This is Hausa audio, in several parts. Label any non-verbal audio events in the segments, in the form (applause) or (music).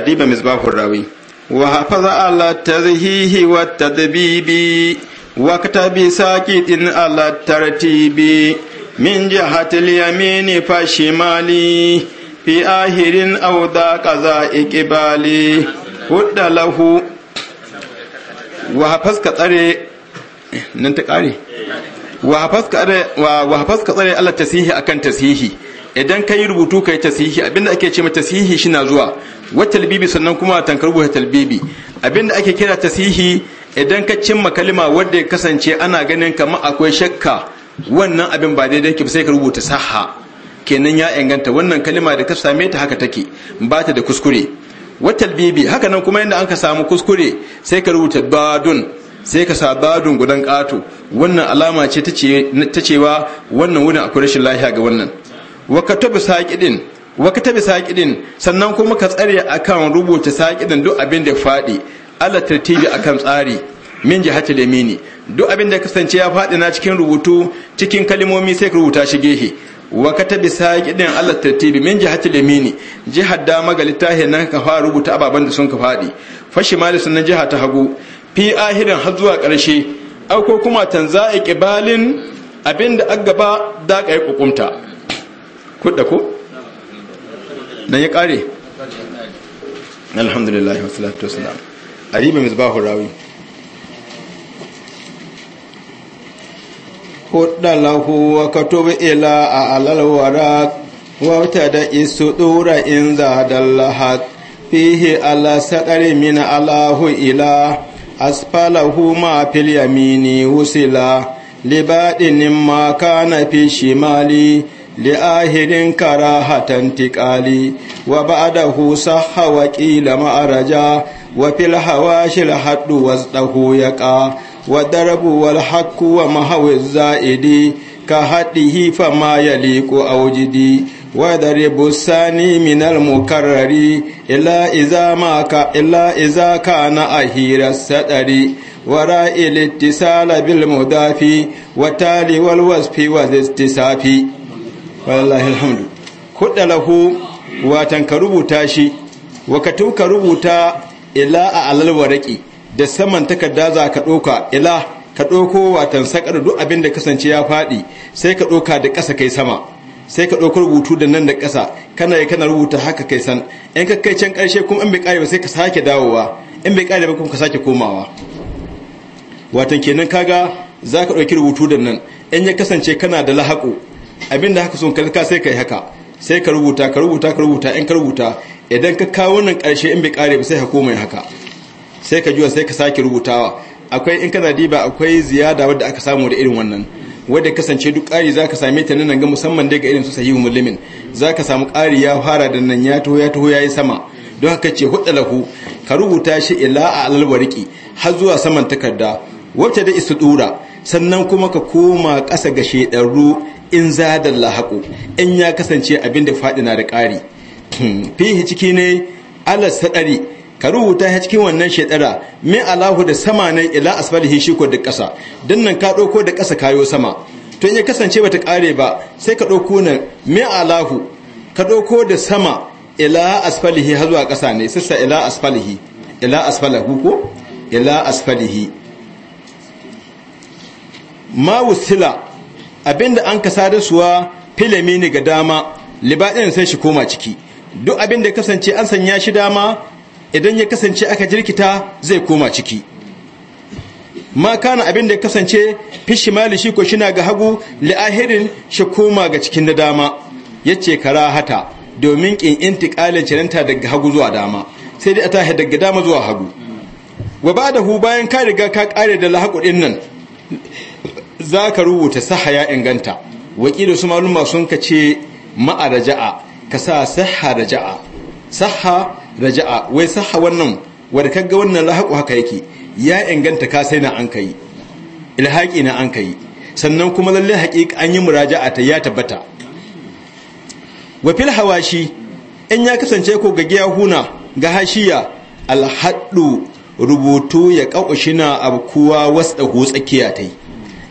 adiba misbahur rawi wa hafaza ala tazhihi wa tadbibi wa katabi sakitin ala tartibi min jihati al fa shimali fi ahirin aw da qaza iqbali hudda lahu wa hafaska tsare nan ta kare wa hafaska tsare tasihi idan ka yi rubutu ka yi tasihi abinda ake ce ma tasihi shi na zuwa wa talbibi sannan kuma tankar rubuta talbibi abinda ake kira tasihi idan ka cimma kalima wanda ya kasance ana ganin kama akwai shakka wannan abin ba daidai ke sai ka rubuta saha kenan ya inganta wannan kalima da ka same ta haka take ba ta da kuskure wa talbibi haka nan kuma yadda an ka samu kuskure sai ka rubuta badun sai ka sa badun gudan kato wannan alama ce ta cewa wannan wurin akwai rashin lafiya ga wannan wa katabu saqidin wa katabi saqidin sannan kuma ka tsare akan rubuta saqidin duk abin da fadi Allah tartibi akan tsari min jihati mini duk abin da kasance ya fadi na cikin rubutu cikin kalmomi sai ka rubuta shi gehe wa katabi saqidin Allah tartibi min jihati mini jihar dama ga littafin nan ka fara rubuta ababan da sun ka fadi fashi mali sannan jiha ta hagu fi ahirin har zuwa karshe au kuma tanza'i qibalin abinda aggaba da ka yi kudda ko na ya kare alhamdulillah wa salatu wassalam ariba misbahu rawi kudda lahu wa katubu ila a alal waraq wa tada isudura in zadal lahaq fihi ala saqari min alahu ila asfalahu ma fil yamini wusila libadin ma kana fi shimali لآهر كراهة انتقالي وبعده صح وكيل مع رجا وفي الحواش الحد وزده يقع ودرب والحق ومهو الزائد كهده فما يليق أوجدي ودرب الثاني من المكرر إلا إذا, ما ك... إلا إذا كان أهير السدر وراء الاتصال بالمدافي وتالي والوصف والاستسافي wallahi alhamdu kudda lahu watan ka rubuta shi wa ka tuka rubuta ila a alal waraki da saman takarda za ka doka ila ka doko watan sakar duk abin da kasance ya fadi sai ka doka da ƙasa kai sama sai ka ɗauki rubutu da nan da ƙasa kana yi kana rubuta haka kai san in ka kai can ƙarshe kuma in bai kare ba sai ka sake dawowa in bai kare ba kuma ka sake komawa watan kenan kaga za ka ɗauki rubutu da nan in ya kasance kana da lahaƙo abinda haka sun kalka sai kai haka sai ka rubuta ka rubuta ka rubuta in ka rubuta idan ka kawo wannan karshe in bai kare ba sai ka koma haka sai ka juya sai ka sake rubutawa akwai in ka zadi ba akwai ziyada wadda aka samu da irin wannan wadda kasance duk ƙari za ka same ta nan ga musamman dai ga irin su sahihu mulmin za ka samu ƙari ya fara da nan ya taho ya taho ya yi sama don haka ce hudu lahu ka rubuta shi ila a alalwariki har zuwa saman takarda wacce da isa dura sannan kuma ka koma ƙasa ga shedarru in zadar lahaku in ya kasance abin da faɗi na da ƙari fihi ciki ne alas sadari ka rubuta ya cikin wannan shedara mi alahu da sama ne ila asfalihi shi da ƙasa dan nan ka ɗauko da ƙasa kayo sama to in ya kasance bata ƙare ba sai ka ɗauko nan min alahu ka ɗauko da sama ila asfalihi har zuwa ƙasa ne sassa ila asfalihi ila asfalahu ko ila asfalihi ma wusila abinda an ka suwa filami ne ga dama libaɗin sai shi koma ciki duk abin da kasance an sanya shi dama idan ya kasance aka jirkita zai koma ciki ma kana abin da kasance fishi mali shi ko shina ga hagu li'ahirin shi koma ga cikin da dama Ya ce yace hata domin kin intiqalin ciranta daga hagu zuwa dama sai dai a tahi daga dama zuwa hagu wa hu bayan ka riga ka kare da lahaku nan za ka rubuta saha ya inganta wakilu su maluma sun ka ce ma'a raja'a ka sa saha raja'a saha raja'a wai saha wannan wadda kagga wannan lahaku haka yake ya inganta ka sai na an yi. ilhaƙi na an yi. sannan kuma lalle haƙiƙa an yi muraja'a ta ya tabbata wa hawashi in ya kasance ko ga giyahuna ga hashiya alhaɗu rubutu ya kaushina abkuwa wasda go tsakiya yi.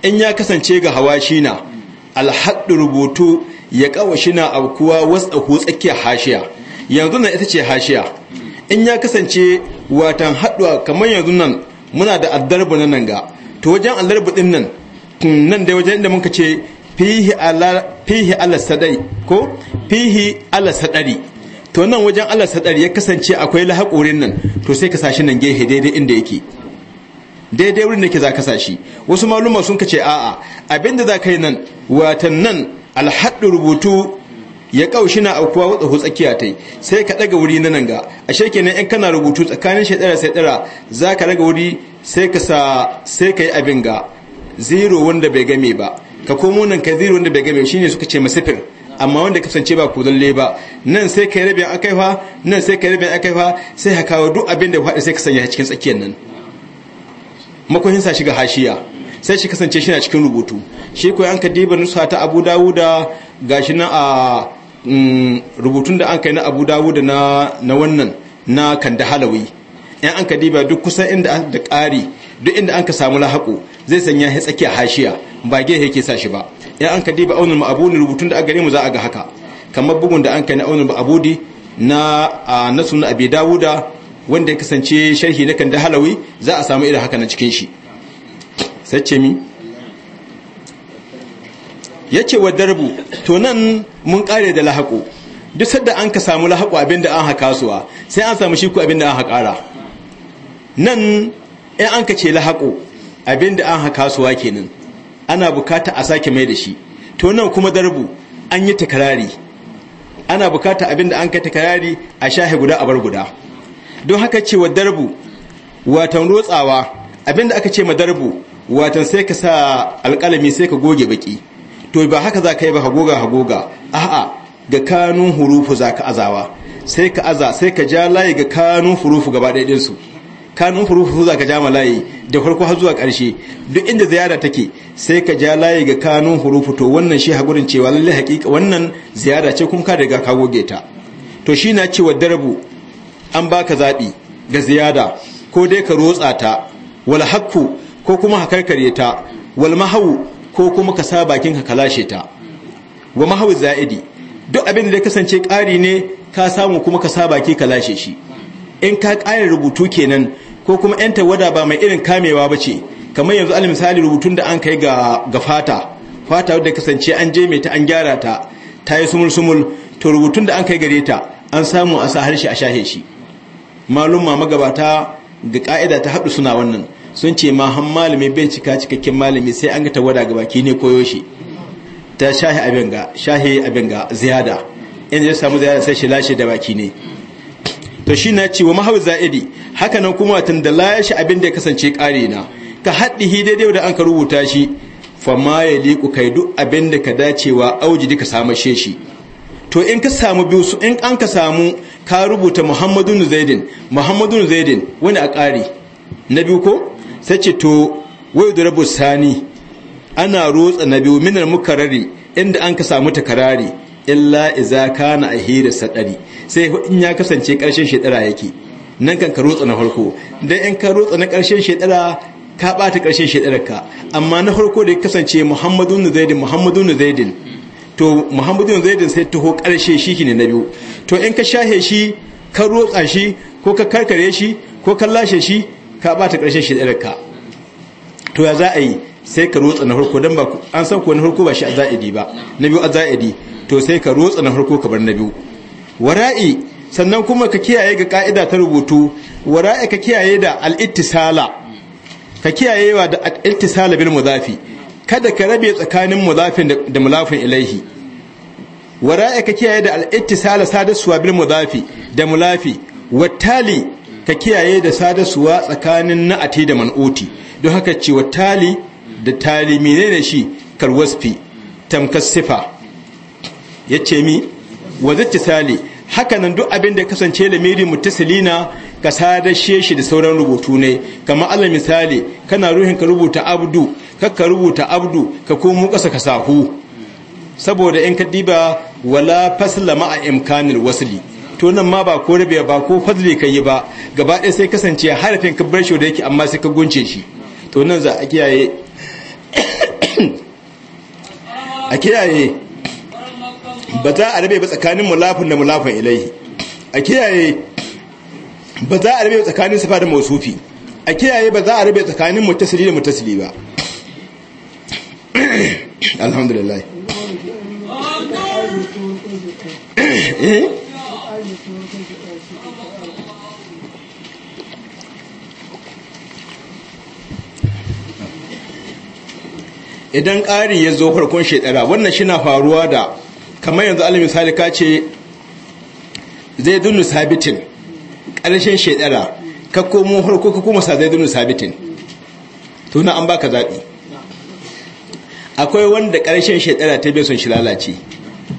in ya kasance ga hawa shi na alhaɗu rubutu ya kawo shi na abkuwa wasu tsakiyar hashiya yanzu nan ita ce hashiya in ya kasance watan haɗuwa kamar yanzu nan muna da addarbu na nan ga to wajen aldarbu ɗin nan nan dai wajen inda muka ce fihi ala ko fihi ala to nan wajen ala ya kasance akwai lahaƙorin nan to sai ka sashi nan gehe daidai inda yake daidai wurin da ke za ka sa shi wasu maluma sun kace a'a abinda za ka yi nan watan nan alhaɗu rubutu ya kaushi na aukuwa wata hu tsakiya ta sai ka daga wuri na nan ga a shekenan in kana rubutu tsakanin shaidara sai dara za ka daga wuri sai ka sa sai ka yi abin ga zero wanda bai game ba ka komo nan ka zero wanda bai game shine suka ce masifir amma wanda ka sance ba ku zalle ba nan sai ka yi rabin akaifa nan sai ka yi rabin akaifa sai ka kawo duk abin da faɗi sai ka sanya cikin tsakiyar nan makohin sa shiga hashiya sai shi kasance shi na cikin rubutu shi ko an ka diba nusa ta Abu Dawuda gashi na a mm, rubutun da an kai na Abu Dawuda na wannan na Kanda Halawi in an ka diba duk kusan inda da ƙari duk inda an ka samu lahaƙo zai sanya ya tsakiya hashiya ba gehe yake sa shi ba in an ka diba aunin ma'abuni rubutun da aka gare mu za a ga haka kamar bugun da an kai na aunin ma'abudi na na sunan abi dawuda wanda ya kasance sharhi na kan Halawi za a samu irin haka na cikin shi sace mi yace wa darbu to nan mun kare da lahaqo duk sadda an ka samu lahaqo abinda an haka suwa sai an samu shi ku abinda an haƙara nan in an ka ce lahaqo abinda an haka suwa kenan ana bukata a sake mai da shi to nan kuma darbu an yi takarari ana bukata abinda an ka takarari a shahe guda a bar guda don haka ce wa darbu watan rotsawa abinda aka ce ma darbu watan sai ka sa alƙalami sai ka goge baki to ba haka za ka yi ba hagoga hagoga a'a ga kanun hurufu za ka azawa sai ka aza sai ka ja layi ga kanun hurufu gaba ɗaya kanun hurufu za ka ja ma layi da farko har zuwa ƙarshe duk inda ziyara take sai ka ja layi ga kanun hurufu to wannan shi hagurin cewa lallai hakika wannan ziyara ce kuma ka riga ka goge ta to shi na cewa darbu an baka zaɓi ga ziyada ko dai ka rotsa ta wal hakku ko kuma ka karkare ta wal mahawu ko kuma ka sa bakin ka kalashe ta wa mahawu za'idi duk abin da ya kasance ƙari ne ka samu kuma ka sa baki kalashe shi in ka ƙara rubutu kenan ko kuma yan tawada ba mai irin kamewa ba ce kamar yanzu alal misali rubutun da an kai ga ga fata fata wadda kasance an je mai ta an gyara ta ta yi sumul sumul to rubutun da an kai gare ta an samu a sa harshe a shahe shi malumma magabata ga ka'ida ta haɗu suna wannan sun ce ma han malami bai cika cikakken malami sai an ga tawada ga baki ne koyo shi ta shahi abin ga shahi abin ga ziyada in zai samu ziyada sai shi lashe da baki ne to shi na ce wa mahawi za'idi haka nan kuma tun da lashe abin da ya kasance ƙari na ka haɗi hi daidai da an ka rubuta shi fama ya liku kai duk abin da ka dacewa auji duka samashe shi to in ka samu biyu su in an ka samu ka rubuta Muhammadu zaidin Muhammadu zaidin wani a ƙari na biyu ko sai ce to wai da rabu sani ana rotsa na biyu minar mukarari inda an ka samu ta karari illa iza kana hira sadari sai in ya kasance karshen shekara yake nan kan ka rotsa na farko dan in ka rotsa na karshen shekara ka bata karshen shedarar ka amma na farko da ya kasance Muhammadu zaidin Muhammadu zaidin to muhammadu da sai taho karshe shi ne na biyu to in ka shahe shi ka rotsa shi ko ka karkare shi ko ka lashe shi ka bata karshe shi da ka to ya za a yi sai ka rotsa na farko Don ba an san kuwa na farko ba shi a za'idi ba na biyu a za'idi to sai ka rotsa na farko ka bar na biyu wara'i sannan kuma ka kiyaye ga ka'ida ta rubutu wara'i ka kiyaye da al Ka ka kiyayewa da al bil mudafi kada ka rabe tsakanin mudafin da mulafin ilaihi ra'ayi ka kiyaye da al'ittisala ittisala sadasuwa bil mudafi da mulafi wattali ka kiyaye da sadasuwa tsakanin na'ati da man'uti don haka ce wattali da tali menene shi kalwasfi tamkas sifa yace mi zittisali haka nan duk abin da kasance lamiri muttasilina ka sadashe shi da sauran rubutu ne kamar alal misali kana ruhin ka rubuta abdu kakka rubuta abdu ka komo kasa ka sahu saboda in ka diba wala fasla ma'a imkanil wasli to nan ma ba ko rabe ba ko fadli ka yi ba gaba ɗaya sai kasance harafin ka bar shi da yake amma sai ka gunce shi to nan za a kiyaye a kiyaye ba za a rabe ba tsakanin mulafin da mulafin ilaihi a kiyaye ba za a rabe tsakanin sifa da mausufi a kiyaye ba za a rabe tsakanin mutasili da mutasili ba (coughs) alhamdulillah (coughs) eh? idan ƙari ya zo farkon shekara wannan shi na faruwa da kamar yanzu alim misali ka ce zai dunu sabitin ƙarshen shekara ka komo harko ka kuma sa zai dunu sabitin tuna an baka zaɓi akwai wanda ƙarshen shaidara ta bai son shi lalace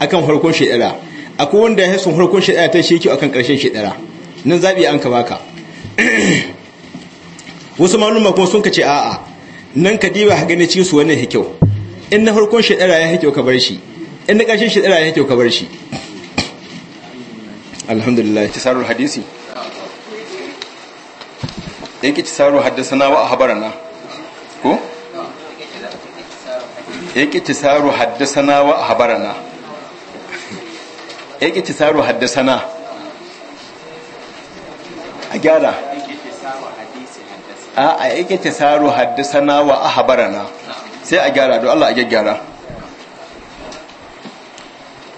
akan farkon shaidara akwai wanda ya son farkon shaidara ta shi kyau akan ƙarshen shaidara nan zaɓi an ka baka (clears throat) wasu malumma kuma sun ka ce a'a nan ka diba ha ne cikin su wannan ya kyau in na farkon shaidara ya kyau ka bar shi in na ƙarshen shaidara ya kyau ka bar shi (clears throat) alhamdulillah tisarul hadisi yake tisarul haddasa na wa a habarana ko ikitisaru haddasana wa habarana ikitisaru haddasana a gyara a a ikitisaru haddasana wa habarana sai a gyara don Allah a gyaggyara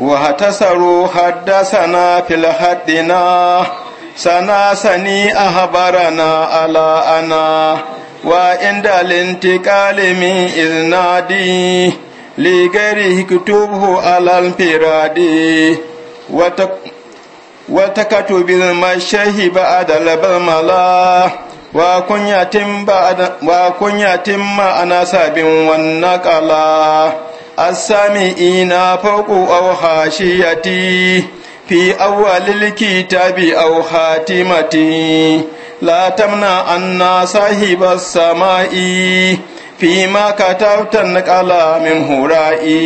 wa hatasaru haddasana fil haddina sana sani habara na ana wa inda lintikali min iznadi ligari hikutubhu alal firadi wata katu bil mashahi ba a bal mala wa kunya ma wa kunya timma kala. a sami ina fauku au ti. fi awwalil kitabi aw khatimatihi la tamna anna sahiba samai fi ma katabta nqala min hurai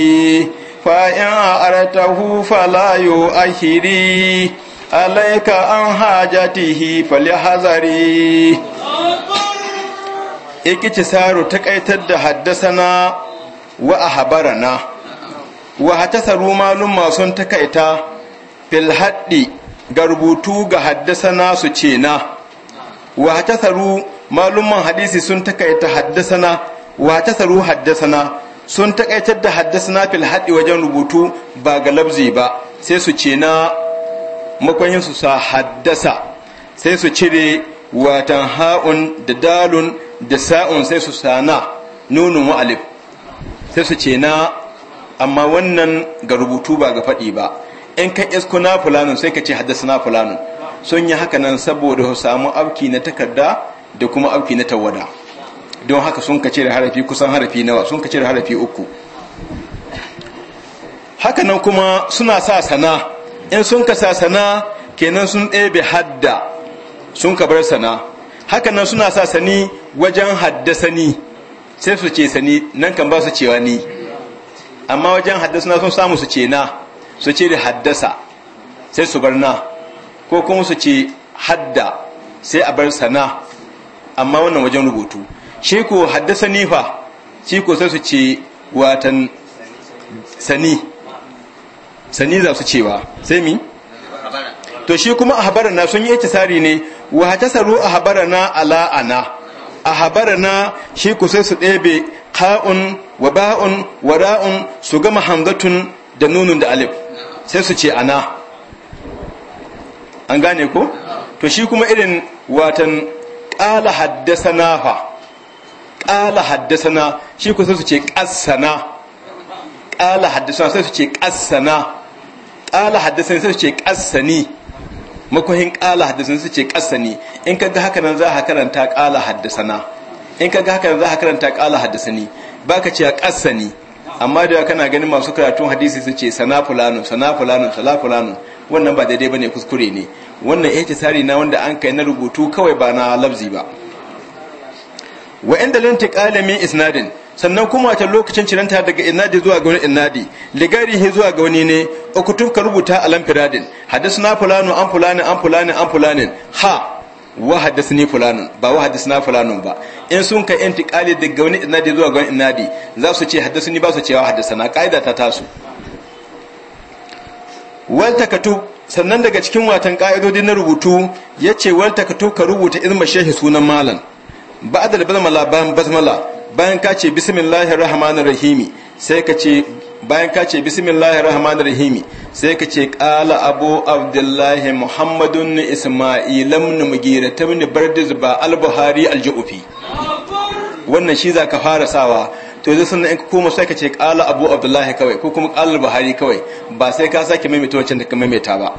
fa in aratahu fala yu'akhiri alayka an hajatihi falihazari ikici saro takaitar da haddasana wa a habarana wa hata saru malun masun takaita fil haddi ga rubutu ga haddasana su ce na wa tsaru malumman hadisi sun takaita haddasana wa haddasa haddasana sun takaitar da haddasana fil haddi wajen rubutu ba ga labzi ba sai su ce na makwayin su sa haddasa sai su cire watan ha'un da dalun da sa'un sai su sana na wa sai su ce na amma wannan ga rubutu ba ga faɗi ba in ka isko na fulanun sai ka ce haddasa na fulanun sun yi haka nan saboda su samu abki na takarda da kuma abki na tawada don haka sun ka da harafi kusan harafi nawa sun ka da harafi uku haka nan kuma suna sa sana in sun ka sa sana kenan sun ɗebe hadda sun ka bar sana haka nan suna sa sani wajen haddasa ni sai su ce sani nan kan ba su cewa ni amma wajen haddasa na sun samu su ce na su ce da haddasa sai su bar na ko kuma su ce hadda sai a bar sana amma wannan wajen rubutu shi ko haddasa nifa shi ko sai su ce watan sani sani za su cewa sai mi to shi kuma a na sun yi tsari ne wa tsaro a na ala'ana a na shi ku sai su ɗebe ka'un wa ba'un wa ra'un su gama hamzatun da nunun da alif sai su ce ana an gane ko to shi kuma irin watan ƙala haddasana fa ƙala haddasana shi ku sai su ce ƙassana ƙala haddasana sai su ce ƙassana ƙala haddasani sai su ce ƙassani makohin ƙala haddasani sai su ce ƙassani in ka ga haka nan za ka karanta ƙala haddasana in ka ga haka nan za ka karanta ƙala haddasani ba ka ce ƙassani amma da kana ganin masu karatun hadisi su ce sana fulano sana fulano sana fulano wannan ba daidai bane kuskure ne wannan tsari na wanda an kai na rubutu kawai ba na lafzi ba wa inda lintiqala min isnadin sannan kuma ta lokacin ciranta daga inadi zuwa ga wani inadi ligari he zuwa ga wani ne ukutub ka rubuta alam firadin hadisna fulano an fulani an fulani an fulani ha wa haddasni fulanun ba wa haddasna fulanun ba in sun kai intiqali daga wani inadi zuwa ga wani inadi za su ce haddasni ba su cewa haddasana kaida ta tasu wal takatu sannan daga cikin watan ka'idodi na rubutu yace wal takatu ka rubuta ilma shehi sunan malam ba'da basmala bayan basmala bayan ka ce bismillahir rahmanir rahimi sai ka ce bayan ka ce bismillahir rahmanir rahim sai ka ce qala abu abdullahi muhammadun isma'il ibn mugira ibn bardiz ba al-buhari al-ju'fi wannan shi za ka fara sawa to yanzu sannan in ka koma sai ka ce qala abu abdullahi kawai ko kuma qala al-buhari kawai ba sai ka sake maimaita wancan da ka maimaita ba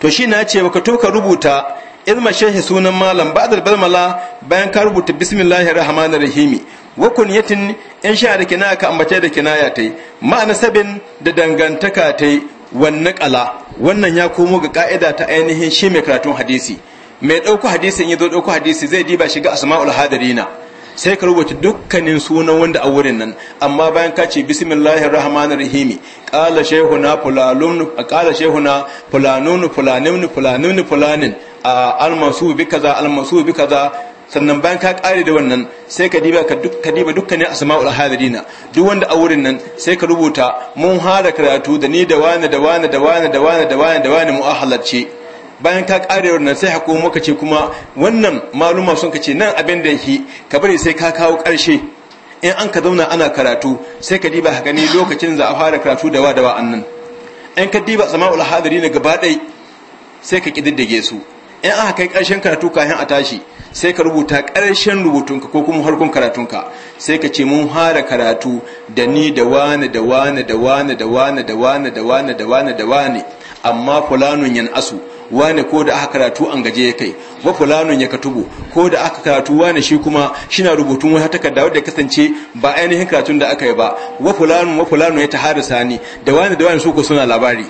to shi na ce baka to ka rubuta izma shehi sunan malam ba'd al-balmala bayan ka rubuta bismillahir rahmanir rahim wa kunyatin in sha da kinaya ka ambace da kinaya ta yi ma'ana sabin da dangantaka ta yi wannan kala wannan ya komo ga ka'ida ta ainihin shi mai karatun hadisi mai ɗauko hadisin ya zo ɗauko hadisi zai diba shiga asma'ul hadirina sai ka rubuta dukkanin sunan wanda a wurin nan amma bayan ka ce bismillahir rahmanir rahim qala shaykhuna fulanun qala shaykhuna fulanun fulanun fulanun fulanin al-mansub kaza al-mansub kaza sannan bayan ka kare da wannan sai ka diba ka duk ka diba dukkanin asma'ul hadirina duk wanda a wurin nan sai ka rubuta mun hada karatu da ni da wani da wani da wani da wani da wani da wani mu'ahalarci bayan ka kare wannan sai hako muka ce kuma wannan maluma sun kace nan abin da yake ka bari sai ka kawo karshe in an ka zauna ana karatu sai ka diba ka gani lokacin za a fara karatu da wa da wa annan in ka diba asma'ul hadirina gaba ɗaya sai ka kididdige su in aka kai ƙarshen karatu kafin a tashi sai ka rubuta ƙarshen rubutunka ko kuma harkon karatunka sai ka ce mun fara karatu da ni da wane da wane da wane da wane da wane da wane da wane da wani amma fulanun yan asu wane ko da aka karatu an gaje ya kai wa fulanun ya katubu ko da aka karatu wane shi kuma shina rubutun wata takarda wadda kasance ba ainihin karatun da aka yi ba wa fulanun wa fulanun ya taharisa ni da wane da wane su ko suna labari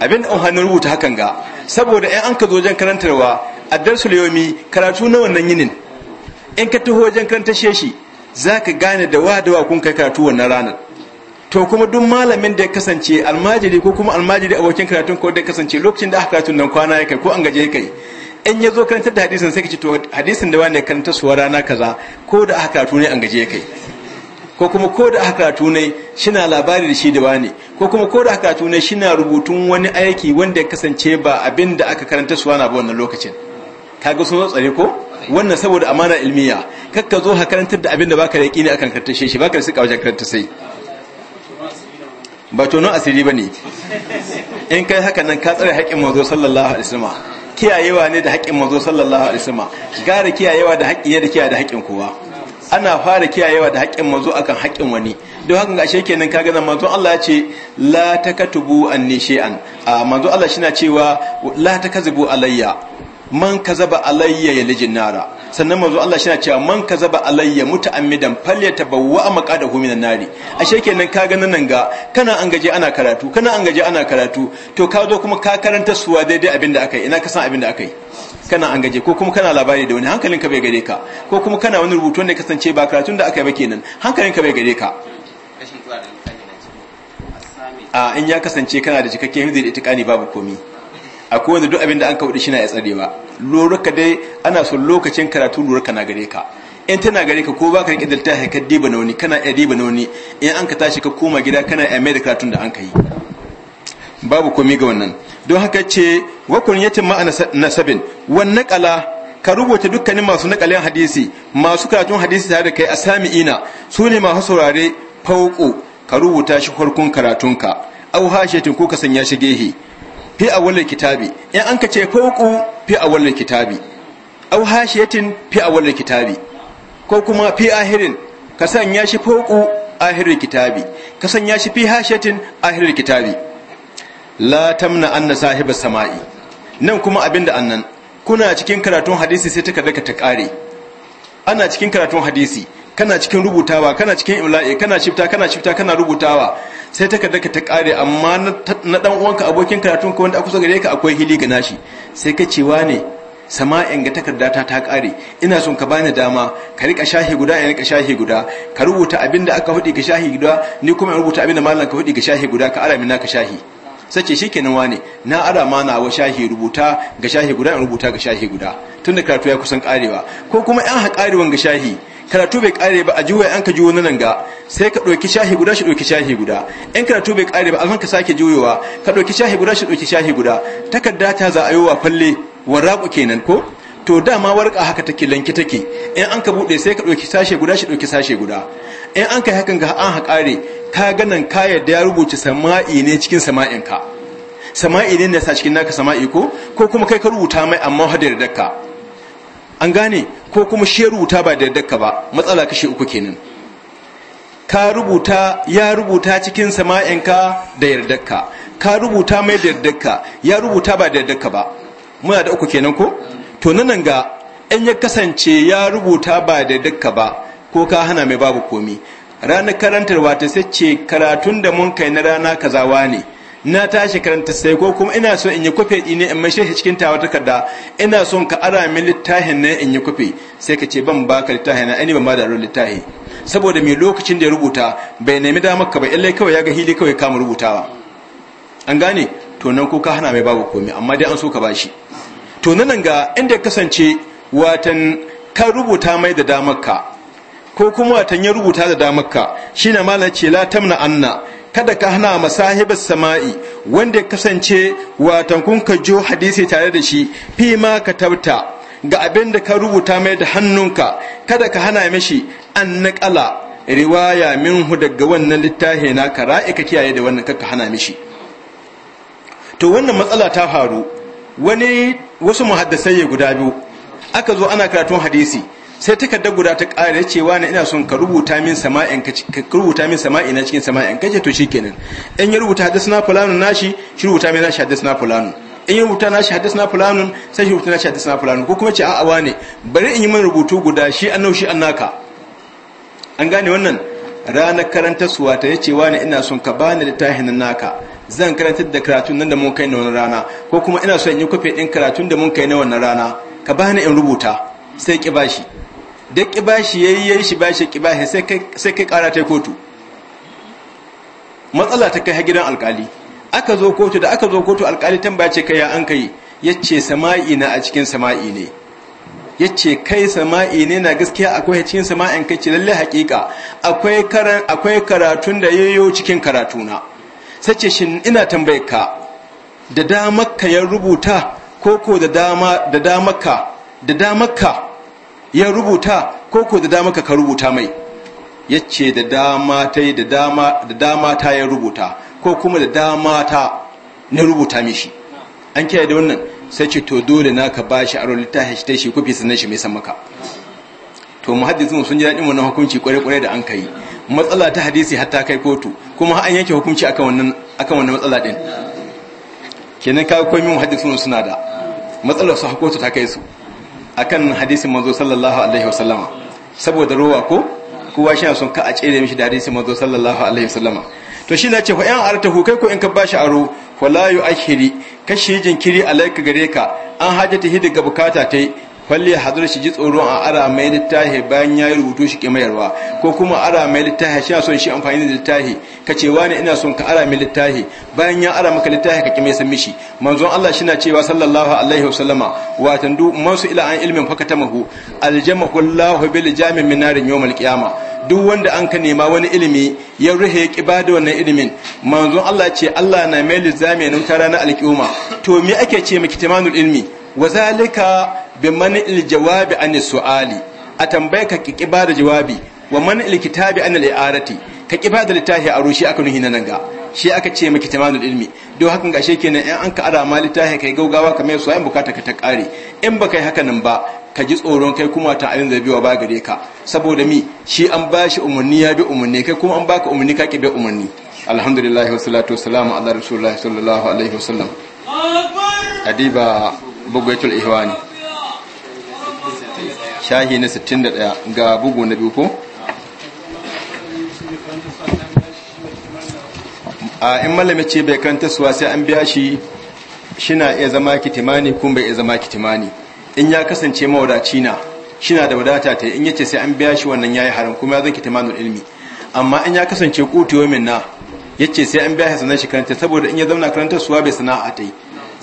abin da an hannun rubuta hakan ga saboda in an ka zo wajen karantarwa a darsul yomi karatu na wannan yinin in ka taho wajen karantar sheshi za ka gane da wa da wa kun kai karatu wannan ranar to kuma duk malamin da ya kasance almajiri ko kuma almajiri abokin karatun ko da ya kasance lokacin da aka karatu nan kwana ya kai ko an gaje ya kai in ya zo karantar da hadisin sai ka ce to hadisin da wani karanta suwa rana kaza ko da aka karatu ne an gaje ya kai ko kuma ko da aka karatu ne shina labari da shi da wani ko kuma ko da aka karatu ne shina rubutun wani aiki wanda ya kasance ba abin da aka karanta su na ba wannan lokacin kaga sun tsare ko wannan saboda amana ilmiya kakka zo ha karantar da abin da baka da ne akan karanta shi baka da sika wajen karanta sai ba tono asiri bane in kai haka nan ka tsare haƙƙin manzo sallallahu alaihi wasallam kiyayewa ne da haƙƙin manzo sallallahu alaihi wasallam gara kiyayewa da haƙƙi ne da kiyaye da haƙƙin kowa ana fara kiyayewa da haƙƙin mazo akan haƙƙin wani don haka ashe kenan kaga zan mazo Allah ya ce la takatubu anni shay'an mazo Allah shi na cewa la takazibu alayya man kazaba alayya yalijin nara sannan mazu Allah shi na cewa man zaba alayya a makada maqadahu na nari A ashe nan ka ganin nan ga kana an gaje ana karatu kana an gaje ana karatu to ka zo kuma ka karanta suwa daidai abin da yi ina ka san abin da yi. kana an gaje ko kuma kana labari da wani hankalin ka bai gare ka ko kuma kana wani rubutu wanda kasance ba karatun da aka yi ba kenan hankalin ka bai gare ka a in ya kasance kana da cikakken hizir itikani babu komi akwai wanda duk abin da an kawo shi na ya tsarewa lurarka dai ana son lokacin karatu lurarka na gare ka in tana gare ka ko baka rike dalta ka diba na wani kana iya diba na wani in an ka tashi ka koma gida kana iya mai da karatun da an ka yi babu komi ga wannan don haka ce wa kunyatin ma'a nasabin wannan kala ka rubuta dukkanin masu nakalin hadisi masu karatun hadisi tare da kai a sami sami'ina su ne masu saurare fauko ka rubuta shi farkon karatunka au hashetin ko ka sanya shi gehe fi awwalil kitabi in an ka ce fawqu fi awwalil kitabi aw hashiyatin fi awwalil kitabi ko kuma fi ahirin ka sanya shi fauku ahirin kitabi ka sanya shi fi hashiyatin ahirin kitabi la tamna anna sahiba sama'i nan kuma abinda annan kuna cikin karatun hadisi sai takarda ka ta kare ana cikin karatun hadisi kana cikin rubutawa kana cikin imla'i kana shifta kana shifta kana rubutawa sai kada ka ta kare amma na dan uwanka abokin karatun ka wanda aka gare ka akwai hili ga nashi sai ka cewa ne sama'in ga takarda ta ta kare ina son ka bani dama ka rika shahi guda ya rika shahi guda ka rubuta abinda aka hudi ka shahi guda ni kuma in rubuta abinda mallan ka hudi ga shahi guda ka ara mina ka shahi sace shikenan wane na ara mana wa shahi rubuta ga shahi guda in rubuta ga shahi guda tunda karatu ya kusan karewa ko kuma yan haƙarewan ga shahi karatu bai kare ba a juwa an ka na nan ga sai ka ɗauki shahi guda shi ɗauki shahi guda in karatu bai kare ba alhan ka sake juyowa ka ɗauki shahi guda shi ɗauki shahi guda takarda ta za a yi wa falle warraku kenan ko to dama warka haka take lanki take in an ka buɗe sai ka ɗauki sashe guda shi ɗauki sashe guda in an ka hakan ga an haƙare ka nan ka yadda ya rubuce sama'i ne cikin sama'inka sama'i ne na sa cikin naka sama'i ko ko kuma kai ka rubuta mai amma da dakka an gane ko kuma shi rubuta ba da daddaka ba matsala kashe uku kenan ka rubuta ya rubuta cikin sama'inka da yardaka ka rubuta mai da ya rubuta ba da yardarka ba muna da uku kenan ko to nan ga in ya kasance ya rubuta ba da yardarka ba ko ka hana mai babu komi ranar karantarwa ta sace karatun da mun kai na rana kazawa ne na tashi karanta sai ko kuma ina so in yi kufe ne in mai shi cikin tawa takarda ina son ka ara min littafin ne in yi kufe sai ka ce ban ba ka littafi na ani ban ba da littafi saboda mai lokacin da ya rubuta bai nemi damar ka ba illai kawai ya ga hili kawai kama rubutawa an gane to nan ko ka hana mai babu komai amma dai an so ka bashi to nan ga inda kasance watan ka rubuta mai da damar ka ko kuma watan ya rubuta da damar ka shine malam ce la tamna anna kada ka hana ma sahibar sama'i wanda ya kasance watan kun ka jo hadisi tare da shi fi ma ka tabta ga abin da ka rubuta mai da hannunka kada ka hana mishi an naƙala riwaya minhu daga wannan littafi na ka ra'i ka kiyaye da wannan kaka hana mishi to wannan matsala ta faru wani wasu muhaddasai guda biyu aka zo ana karatun hadisi sai ta kadda guda ta ƙara cewa na ina son ka rubuta min sama'in ka rubuta min sama'in cikin sama'in kace to shikenan in ya rubuta hadisna fulanun nashi shi rubuta min nashi hadisna fulanun in ya rubuta nashi hadisna fulanun sai shi rubuta nashi hadisna fulanun ko kuma ce a'a wane bari in yi min rubutu guda shi annau shi annaka an gane wannan ranar karanta suwa ta yace wani ina son ka bani da tahin naka zan karantar da karatun nan da mun kai na wannan rana ko kuma ina son in yi kofi din karatun da mun kai na wannan rana ka bani in rubuta sai ki bashi da kibashi yayi yayi shi bashi kibashi sai kai sai kai kara ta kotu matsala ta kai gidan alkali aka zo kotu da aka zo kotu alkali tambaya ce kai ya an kai yace sama'i na a cikin sama'i ne yace kai sama'i ne na gaskiya akwai cikin sama'in kai lalle hakika akwai karan akwai karatun da yayyo cikin karatuna ce shin ina tambayar ka da damar ka ya rubuta koko da dama da damar ka da damar ka ya rubuta ko ko da dama ka rubuta mai ya ce da dama ta yi da dama ta ya rubuta ko kuma da dama ta na rubuta mishi an kiyaye da wannan sai ce to dole na ka ba shi aron littafin shi ta shi kufi sannan shi mai san maka to muhaddisin sun ji daɗin wannan hukunci kwarai-kwarai da an ka yi matsala ta hadisi hatta kai kotu kuma an yanke hukunci akan wannan akan wannan matsala din kenan ka koyi sun suna da matsalar su hakotu ta kai su akan hadisin manzo sallallahu alaihi wasallama saboda ruwa ko kowa shi son ka a tsere mishi da hadisin manzo sallallahu alaihi wasallama to shi na ce fa yan artahu kai ko in ka bashi aro wala yu akhiri kashi jinkiri alaika gare ka an ta hidda ga bukata tai falle hadar shi ji tsoro a ara mai littahi bayan ya yi rubutu shi kimayarwa ko kuma ara mai littahi shi son shi amfani da littahi ka ce wani ina son ka ara mai littahi bayan ya ara maka littahi ka kimai san mishi manzon Allah shi na cewa sallallahu alaihi wasallama watan du masu ila an ilmin mahu aljama kullahu bil jamin min narin yawmal qiyama duk wanda an ka nema wani ilimi ya ruhe kiba da wannan ilimin manzon Allah ce Allah na mai lizami nan ta rana alƙiyuma to me ake ce miki ilmi wa zalika bi il jawabi an su'ali a tambaye ka kiki ba da jawabi wa il kitabi an al'arati ka kiba da littafi a rushi aka nuhi nan ga shi aka ce maki tamanul ilmi don hakan ga kenan in an ka ara ma littafi kai gaugawa ka su ayin bukata ka ta kare in baka yi haka nan ba ka ji tsoron kai kuma ta alin da biwa ba gare ka saboda mi shi an ba shi umarni ya bi umarni kai kuma an baka umarni ka kibe bi umarni alhamdulillah wa salatu wa salamu ala rasulullahi sallallahu alaihi wasallam adiba bugaitul ihwani shahi na 61 ga bugu na biyu ko a in malami ce bai kan suwa sai an biya shi shina iya zama kitimani kun bai iya zama kitimani in ya kasance mawadaci na shina da wadata ta in yace sai an biya shi wannan yayi haram kuma ya zan kitimanul ilmi amma in ya kasance qutu min na yace sai an biya shi sanan shi karanta saboda in ya zauna karanta suwa bai sana'a ta yi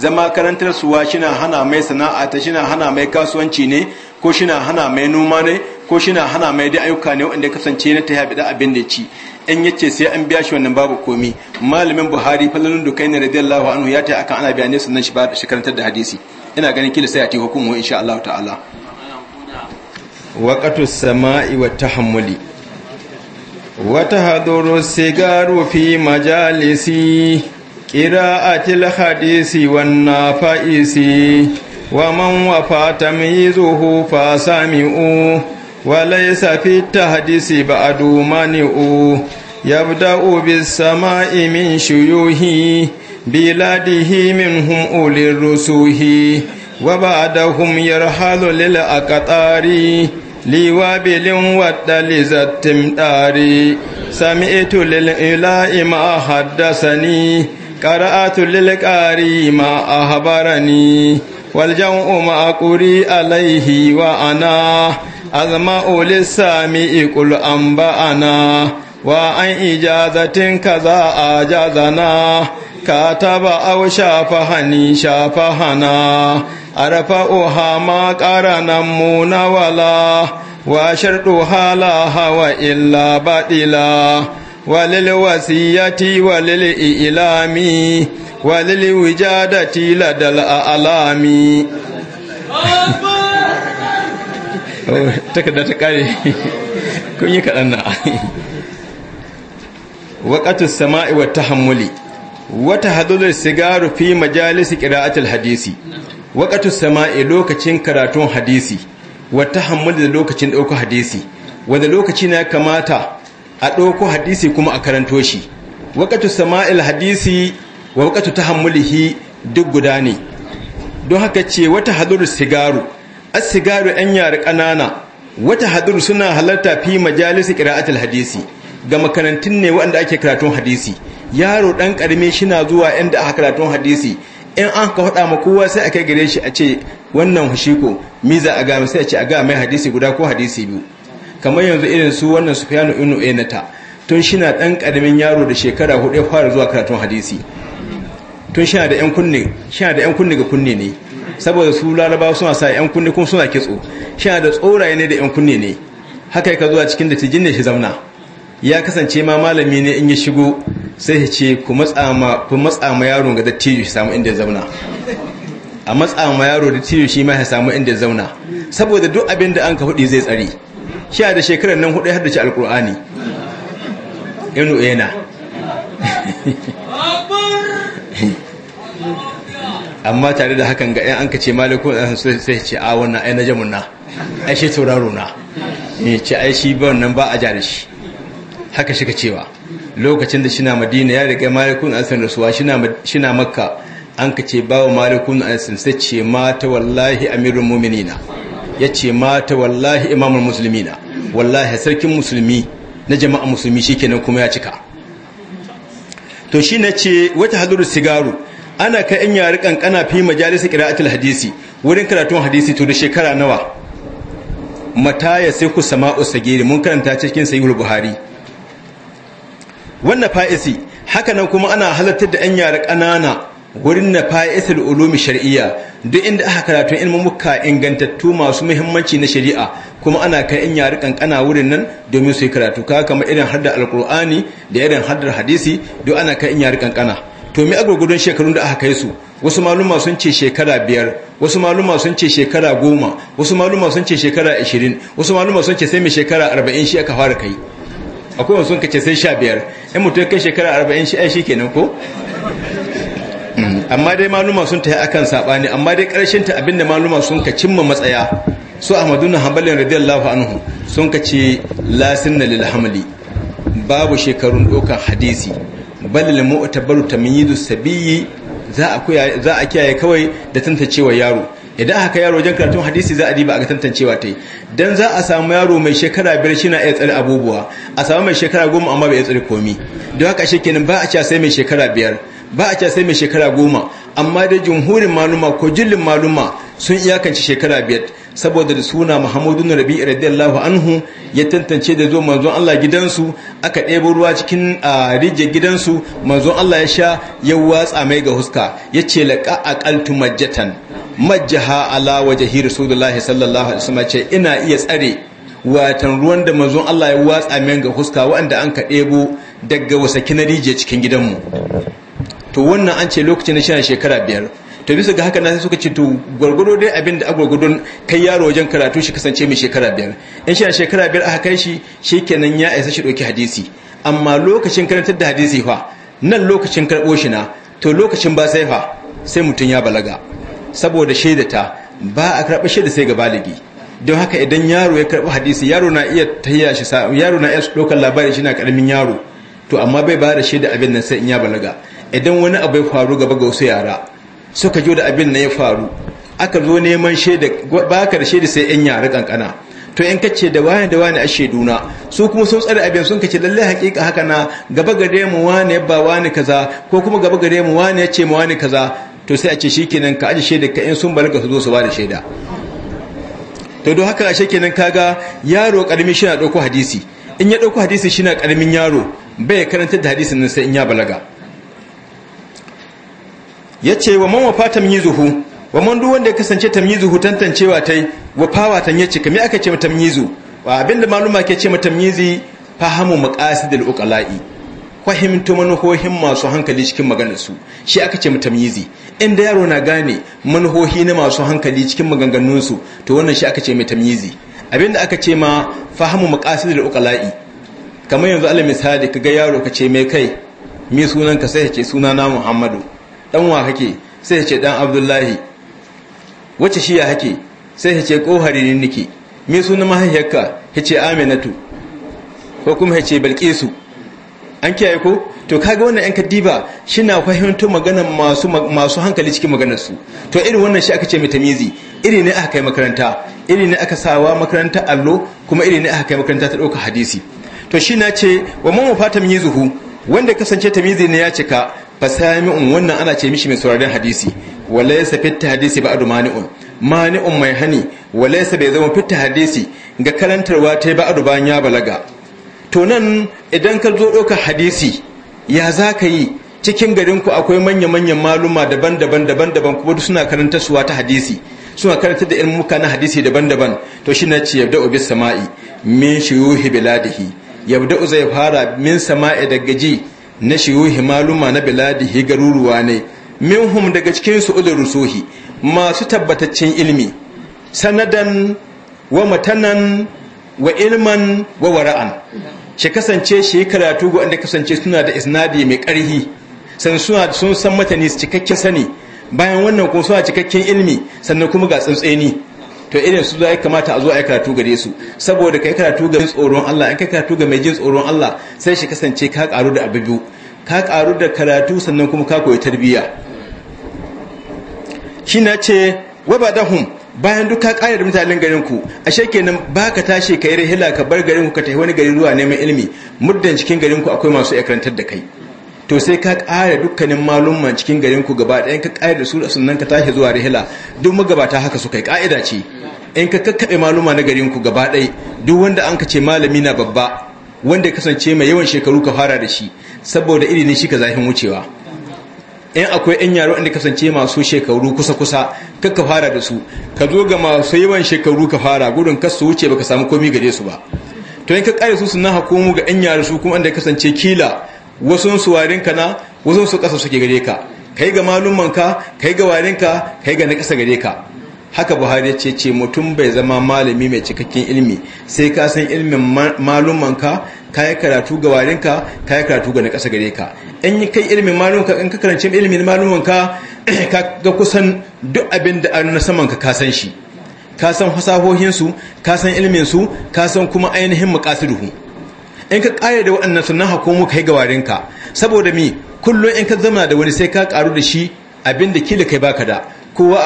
zama karantar suwa shina hana mai sana'a ta shina hana mai kasuwanci ne ko shina hana mai noma ne ko shina hana mai da ayyuka ne wanda kasance na ta yabi da abin da ci in yace sai an biya shi wannan babu komi malamin buhari falalun dukai ne radiyallahu anhu ya ta akan ana biya ne sannan shi ba shi karantar da hadisi ina ganin kila sai a ti hukumu insha Allah ta'ala waqatu samai wa tahammuli wa tahduru sigaru fi majalisi قراءة الحديث والنافئس ومن وفى تمييزه فسامعوا وليس في التحديث بعد مانئوا يبدأ بالسماء من شيوه بلاده منهم أولي الرسوه وبعدهم يرحل للأقطار لوابل ودل ذات مدار سمعت للإله ما حدثني qara'atu lil qari ma ahbarani wal jam'u ma aquri alayhi wa ana azma lis sami iqul ana wa an ijazatin kaza ajazana kataba aw shafa hani shafa hana arafa uha ma qarana muna wala wa shartu hala hawa illa baɗila. وللوسية وللإلام وللوجادة لدى الأعلام takarda ta kare kun yi kaɗan na waƙatun sama'i wa tahammuli wata hadular sigaru fi majalisi ƙira'atul hadisi waƙatun sama'i lokacin karatun hadisi wa tahammuli da lokacin dauka hadisi wanda lokaci na kamata a ɗauko hadisi kuma a karanto shi waƙatu sama'il hadisi wa ta tahammulihi duk guda ne don haka ce wata haduru sigaru a sigaru yan yare ƙanana wata haduru suna halarta fi majalisi ƙira'atul hadisi ga makarantun ne waɗanda ake karatun hadisi yaro ɗan ƙarami shina zuwa inda aka karatun hadisi in an ka faɗa ma kowa sai a gare shi a ce wannan hushiko miza a ga sai a ce a ga mai hadisi guda ko hadisi biyu kamar yanzu irin su wannan su sufyanu inu enata tun shi na dan karamin yaro da shekara hudu ya fara zuwa karatun hadisi tun shi da yan kunne shi da yan kunne ga kunne ne saboda su laraba suna sa yan kunne kuma suna kitso shi da tsoraye ne da yan kunne ne haka ka zuwa cikin da tijin ne shi zauna. ya kasance ma malami ne in ya shigo sai ya ce ku matsa ma ku matsa ma ga dattijo shi samu inda ya zauna a matsa ma yaro da shi ma ya samu inda ya zauna saboda duk abin da an ka hudi zai tsare sha da shekarar nan hudu ya haddace alkur'ani inu yana amma tare da hakan ga 'yan an ka ce malikun ɗan sai ce a wannan ai na jamun na ai shi tauraro na ce ai shi ba wannan ba a ja da shi haka shi ka cewa lokacin da shi na madina ya riga malikun ɗan sun rasuwa shi na makka an ka ce ba wa malikun ɗan sun sai ce mata wallahi amirin muminina ya ce mata wallahi imamul musulmi na wallahi sarkin musulmi na jama'a musulmi shi kenan kuma ya cika to shi na ce wata hadurus sigaru ana ka yan yari kankana fi majalisa qira'atul hadisi wurin karatun hadisi to da shekara nawa mataya sai ku sama'u sagiri mun karanta cikin sahihul buhari wannan fa'isi haka nan kuma ana halartar da yan yari kanana gurin na fa'isar ulumi shar'iyya duk inda aka karatu ilmin muka ingantattu masu muhimmanci na shari'a kuma ana kai in yari kankana wurin nan domin su yi karatu kawai kamar irin haddar alkur'ani da irin haddar hadisi duk ana kai in yari kankana to mi agwagwadon shekarun da aka kai su wasu maluma sun ce shekara biyar wasu maluma sun ce shekara goma wasu maluma sun ce shekara ashirin wasu maluma sun ce sai mai shekara arba'in shi aka fara kai akwai wasu sun ce sai sha biyar in mutum kai shekara arba'in shi ai shi kenan ko amma dai maluma sun ta yi akan sabani amma dai karshen ta abinda maluma sun ka cimma matsaya su ahmadun hanbalin radiyallahu anhu sun ka ce la sunna lil hamli babu shekarun dokan hadisi bal lil mu'tabaru ta sabiyyi za a za a kiyaye kawai da tantancewa yaro idan aka yaro wajen karatun hadisi za a diba ga tantancewa ta yi don za a samu yaro mai shekara biyar shi na iya tsari abubuwa a samu mai shekara goma amma bai iya tsari komi don haka shekenin ba a ci sai mai shekara biyar ba a sai mai shekara goma amma da jumhurin maluma ko jillin maluma sun iyakanci shekara biyar saboda da suna muhammadu na rabi'i radiyallahu anhu ya tantance da zo manzon Allah gidansu aka ɗebo ruwa cikin rijiyar gidansu manzon Allah ya sha ya watsa mai ga huska ya ce laƙa ƙaltu majjatan majjaha ala da rasulullahi sallallahu alaihi wasallam ce ina iya tsare watan ruwan da manzon Allah ya watsa mai ga huska wanda an ka ɗebo daga wasa kinari je cikin gidanmu to wannan an ce lokacin na shekara biyar to bisa ga haka na suka ce to gwargwado dai abin da agwargwadon kai yaro wajen karatu shi kasance mai shekara biyar in shi shekara biyar aka kai shi shi kenan ya isa shi ɗauki hadisi amma lokacin karantar da hadisi fa nan lokacin karɓo shi na to lokacin ba sai fa sai mutum ya balaga saboda shaidata ba a karɓa shaida sai ga baligi don haka idan yaro ya karɓi hadisi yaro na iya tahiya shi yaro na iya ɗaukar labarin shi na karamin yaro to amma bai ba da shaida abin nan sai in ya balaga idan wani abu ya faru gaba ga wasu yara suka jo da abin na ya faru aka zo neman shaida ba ka da shaida sai yan yara kankana to in kace da wani da wani a shaiduna su kuma sun tsare abin sun kace lalle hakika haka na gaba gare mu wani ba wani kaza ko kuma gaba gare mu wani ya ce mu wani kaza to sai a ce shikenan ka aje shaida ka in sun balaga su zo su ba da shaida to don haka ashe kenan kaga yaro karmi shi na dauko hadisi in ya dauko hadisi shi na karmin yaro bai karanta da hadisin nan sai in ya balaga Ya ce wa man wafa zuhu wa man duk wanda ya kasance zuhu tantancewa ta fawa ta yi cika kame aka ce zu wa abinda maluma ke ce tamyizi fahamu maqasidul uqala'i fahimtu manuhohin masu hankali cikin maganarsu shi aka ce mutamyizi inda yaro na gane manuhohi na masu hankali cikin maganganunsu to wannan shi aka ce abin abinda aka ce ma fahimu makasi da uqala'i kamar yanzu alal misali ga yaro ka ce mai kai me sunan ka sai ya ce sunana Muhammadu dan wa hake sai ya ce dan abdullahi wace ya hake sai ya ce kohari ne me sunan mahaifiyarka ya ce aminatu ko kuma ya ce an kiyaye ko to kaga wannan yan kadiba na fahimtar maganar masu masu hankali cikin maganarsu to irin wannan shi aka ce mitamizi iri ne aka kai makaranta iri ne aka sawa makaranta allo kuma iri ne aka kai makaranta ta dauka hadisi to shi na ce wa mamu wafata min wanda kasance tamizi ne ya cika fasami'un wannan ana ce mishi mai sauraron hadisi walaysa fitta hadisi adu mani'un mani'un mai hani walaysa bai zama fitta hadisi ga karantarwa ta adu bayan ya balaga to nan idan ka zo ɗaukar hadisi ya za ka yi cikin garinku akwai manya-manyan maluma daban-daban daban-daban kuma suna karanta suwa ta hadisi suna karanta da ilmu kana hadisi daban-daban to shi na ce yabda ubi sama'i min shuyuhi biladihi yabda zai fara min sama'i daga gaji. na shiyuhi maluma na biladihi garuruwa ne minhum daga cikin su rusuhi masu tabbataccen ilmi sanadan wa matanan wa ilman wa wara'an shi kasance shi karatu wanda kasance suna da isnadi mai karhi san suna sun san matani cikakken sani bayan wannan kuma suna cikakken ilmi sannan kuma ga tsantseni to irin su ya kamata a zo a yi karatu gare su saboda kai karatu ga tsoron Allah in kai karatu ga mai jin tsoron Allah sai shi kasance ka karu da abubu ka karu da karatu sannan kuma ka koyi tarbiyya shi na ce wabadahum bayan duk ka kare da mutanen garin ku ashe kenan baka tashi kai rahila ka bar garin ku ka tafi wani gari zuwa neman ilimi muddan cikin garin ku akwai masu ya karantar da kai to sai ka ƙara dukkanin malumman cikin garin ku gaba ɗayan ka ƙara da su sannan ka tashi zuwa rihila duk magabata haka su kai ka'ida ce in ka kakkaɓe maluma na garin ku gaba ɗai duk wanda an ka ce malami na babba wanda ya kasance mai yawan shekaru ka fara da shi saboda iri ne shi ka zahin wucewa in akwai yan yaro inda kasance masu shekaru kusa-kusa kakka fara da su ka zo ga masu yawan shekaru ka fara gudun su wuce baka samu komi gare su ba to in ka kare su suna hakumu ga yan yaro su kuma inda kasance kila wasu su warin kana wasu su kasa suke gare ka kai ga malumman ka kai ga warin ka kai ga na kasa gare ka haka buhari ya ce ce mutum bai zama malami mai cikakken ilimi sai ka san ilimin malumman ka ka yi karatu ga warin ka ka yi karatu ga na kasa gare ka in yi kai ilimin malumman ka in ka karanci ilimin malumman ka (clears throat) ka ga kusan duk abin da an na saman ka ka san shi ka san fasahohinsu ka san ilminsu ka san kuma ainihin muƙasiruhu in ka ƙare da waɗannan sunan hakomu kai ga warinka saboda mi kullum in ka zama da wani sai ka ƙaru da shi abin da kila kai baka da kowa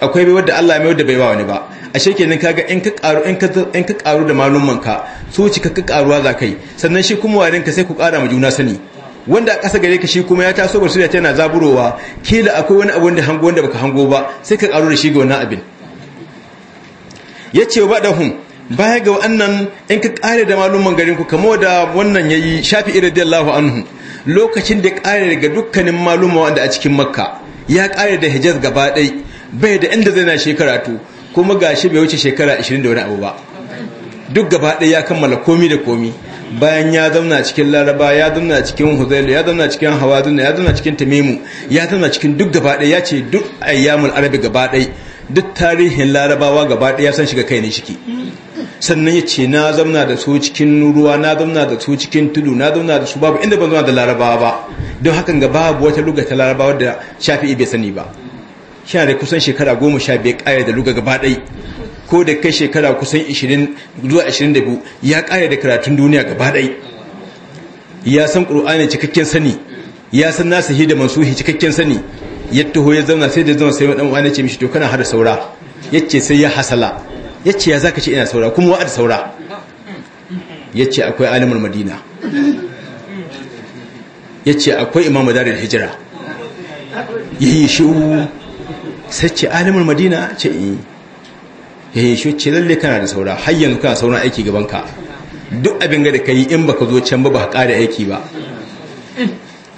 akwai bai wanda Allah mai wadda bai ba wani ba ashe kenan kaga in ka ƙaru in ka in ka ƙaru da malumman ka so ci ka ƙaruwa za kai sannan shi kuma warinka sai ku ƙara ma juna sani wanda a ƙasa gare ka shi kuma ya taso ba su da tana zaburowa kila akwai wani abu da hango wanda baka hango ba sai ka ƙaru da shi ga wannan abin yace wa badahum baya ga wannan in ka kare da malumman garin ku kamo da wannan yayi shafi'i radiyallahu anhu lokacin da kare daga dukkanin maluma wanda a cikin makka ya kare da hijaz gaba ɗai bai da inda zai na shekara to kuma gashi bai wuce shekara 20 da wani abu ba duk gaba ɗai ya kammala komi da komi bayan ya zauna cikin laraba ya zauna cikin huzailu ya zauna cikin hawaduna ya zauna cikin tamimu ya zauna cikin duk gaba ɗai ya ce duk ayyamul arabi gaba ɗai duk tarihin larabawa gaba ɗai ya san shiga kai ne shiki sannan ya ce na zamna da su cikin ruwa na zamna da su cikin tudu na zamna da su babu inda ban zama da larabawa ba don hakan ga babu wata luga ta larabawa da shafi'i bai sani ba shi da kusan shekara goma sha biyar ƙayar da luga gaba ɗai ko da kai shekara kusan 20 zuwa 22 ya ƙayar da karatun duniya gaba ɗai ya san ƙur'ani cikakken sani ya san nasu hida mansuhi cikakken sani ya taho ya zauna sai da zama sai waɗanda wani ce mishi to kana hada saura ya ce sai ya hasala ya ce ya za ka ce ina saura kuma wa'ad saura ya ce akwai alamar madina ya ce akwai imamu da hijira ya yi shi sai ce alamar madina ce yi eh. ya yi shi ce lalle kana da saura har yanzu kana sauran aiki gabanka duk abin da ka yi in baka zo can ba ba ka kada aiki ba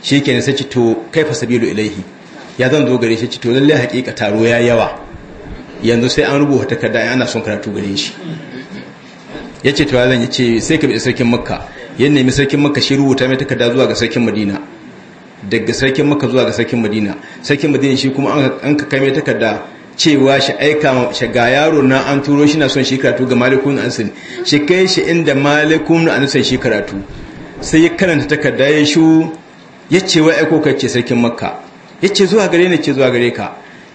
shi ke nasa ci to kai fasabilu sabilu ilaihi ya zan zo gare shi ci to lalle hakika taro ya yawa yanzu sai an rubuta takarda ana son karatu gare shi ya ce tawalan ya ce sai ka bi sarkin makka ya nemi sarkin makka shi rubuta mai takarda zuwa ga sarkin madina daga sarkin makka zuwa ga sarkin madina sarkin madina shi kuma an ka kai mai takarda cewa shi aika shi ga yaro na an turo shi na son shi karatu ga malikun ansin shi kai shi inda malikun ansin shi karatu sai ya karanta takarda ya shu ya ce wa aiko ka ce sarkin makka ya ce zuwa gare ni ce zuwa gare ka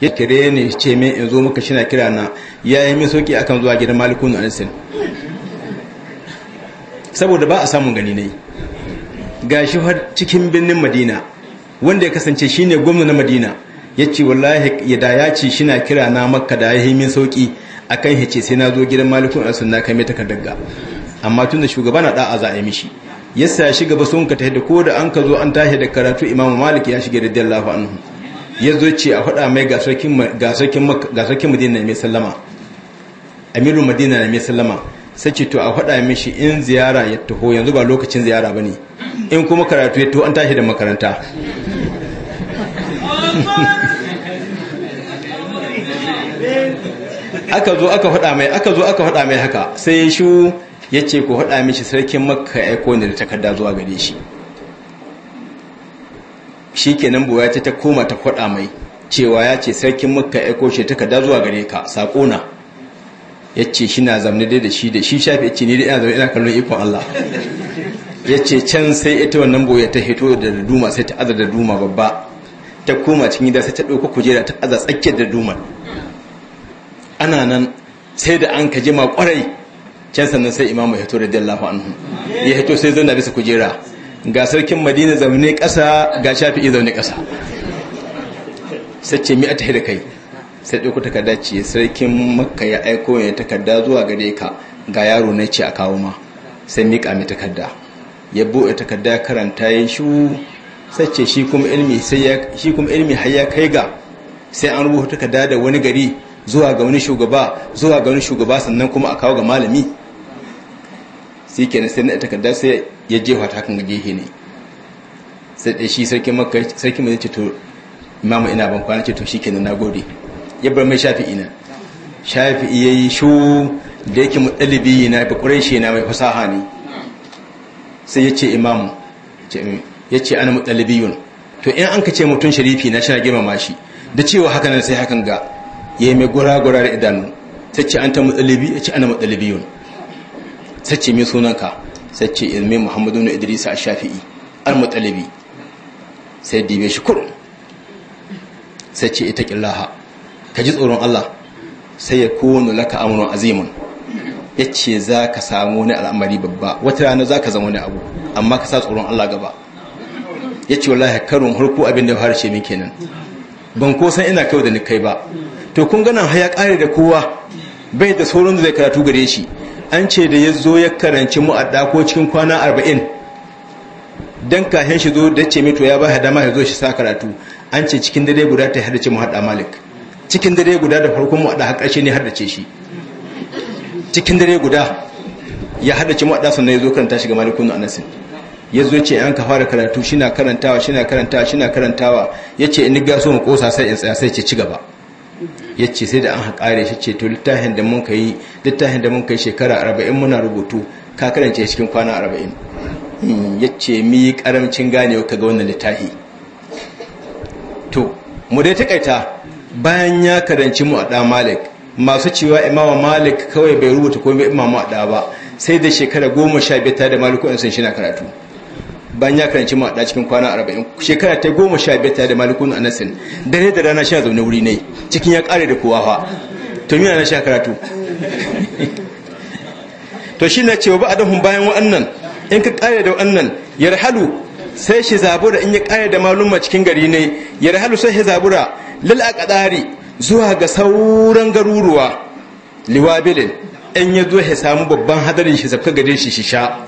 ya kire ne ce min in zo maka shina kira na ya yi min sauki akan zuwa gidan malikun alisir saboda ba a samun gani ne ga shi har cikin birnin madina wanda ya kasance shi ne gwamna na madina ya ce wallahi ya da ya ce shi na kira na maka da ya yi min sauki akan ya ce sai na zo gidan malikun alisir na kai mai takardar amma tun da shugaba na da'a za a yi mishi yasa ya shiga ba sun ka ta da ko da an ka zo an tashi da karatu imamu malik ya shige da dallahu anhu ya zo ce a faɗa mai gasarkin madina mai sallama amiru madina mai sallama sai ce to a faɗa mishi in ziyara ya taho yanzu ba lokacin ziyara ba ne in kuma karatu ya taho an tashi da makaranta aka zo aka faɗa mai aka zo aka faɗa mai haka sai ya shu ya ce ku faɗa mishi sarkin makka ya aiko ne da takarda zuwa gare shi shikenan buwa ta koma ta kwada mai cewa ya ce sarkin makka ya koshe ka zuwa gare ka sakona ya ce shi na zamne dai da shi da shi shafi ce ni da ina zaune ina kallon ikon Allah ya ce can sai ita wannan buwa ta hito da duma sai ta azar da duma babba ta koma cikin gida sai ta ɗauka kujera ta aza tsakiyar da duman ana nan sai da an kaji ma kwarai can sannan sai imamu ya hito da radiyallahu anhu ya hito sai zai na bisa kujera ga sarkin madina zaune ƙasa ga shafi'i zaune ƙasa sace mi a tahi kai sai ɗauko takarda ce sarkin makka ya aiko ne takarda zuwa gare ka ga yaro na ce a kawo ma sai miƙa mai takarda ya buɗe takarda karanta ya shu sace shi kuma ilmi sai har ya kai ga sai an rubuta takarda da wani gari zuwa ga wani shugaba zuwa ga wani shugaba sannan kuma a kawo ga malami sai kenan sai na takarda sai ya jefa ta hakan gehe ne sai da shi sarki makka sarki mai ce to imamu ina ban kwana ce to shi kenan nagode ya bar mai shafi'i na shafi'i yayi shu da yake mutalibi na ba quraishi na mai fasaha ne sai yace imamu yace ana mutalibiyun to in an ce mutun sharifi na shi girmama shi da cewa haka nan sai hakan ga yayi mai gura gura da idanu ce an ta mutalibi yace ana mutalibiyun sace mai sunanka sace ilmi muhammadu na idrisa a shafi'i al-mutalibi sai dibe shi kurum sace ita Laha, ka ji tsoron allah sai ya kowane laka amuran azimun ya ce za ka samu wani al'amari babba wata rana za ka zama wani abu amma ka sa tsoron allah gaba ya ce wallahi karin harko abin da ya fara ce min kenan ban ko san ina kai da ni kai ba to kun ganin haya kare da kowa bai da sauran da zai karatu gare shi an ce da ya zo ya karanci mu a ko cikin kwana arba'in don kahin shi zo da ce mito ya ba ya dama ya zo shi sa karatu an ce cikin dare guda ta haddace haɗa malik cikin dare guda da farkon mu har ƙarshe ne haddace shi cikin dare guda ya haddace muhadda sannan ya zo karanta shi ga malikun anasin ya zo ce an ka fara karatu shi na karantawa shi na karantawa shi na karantawa ya ce in ga so mu kosa sai in tsaya sai ce ci gaba yace sai da an haƙare shi ce to littafin da mun kai littafin da mun kai shekara 40 muna rubutu ka karance cikin kwana 40 hmm, yace mi karamcin ka kaga wannan littafi to mu dai takaita bayan ya karanci mu a malik masu cewa imama malik kawai bai rubuta komai imamu a ba sai da shekara goma sha biyar da maliku sun shi na karatu bayan ya karanci da cikin kwana arba'in shekara ta goma sha biyar tare da malikun anasin dare da rana sha zaune wuri ne cikin ya ƙare da kowa fa to mina na sha karatu (laughs) to shi na cewa ba adahun bayan wa'annan in ka ƙare da wa'annan yarhalu sai shi zabura in ya ƙare da ma cikin gari ne yarhalu sai shi zabura lil aqdari zuwa ga sauran garuruwa liwabilin in ya zo ya samu babban hadarin shi zafka gare shi shi sha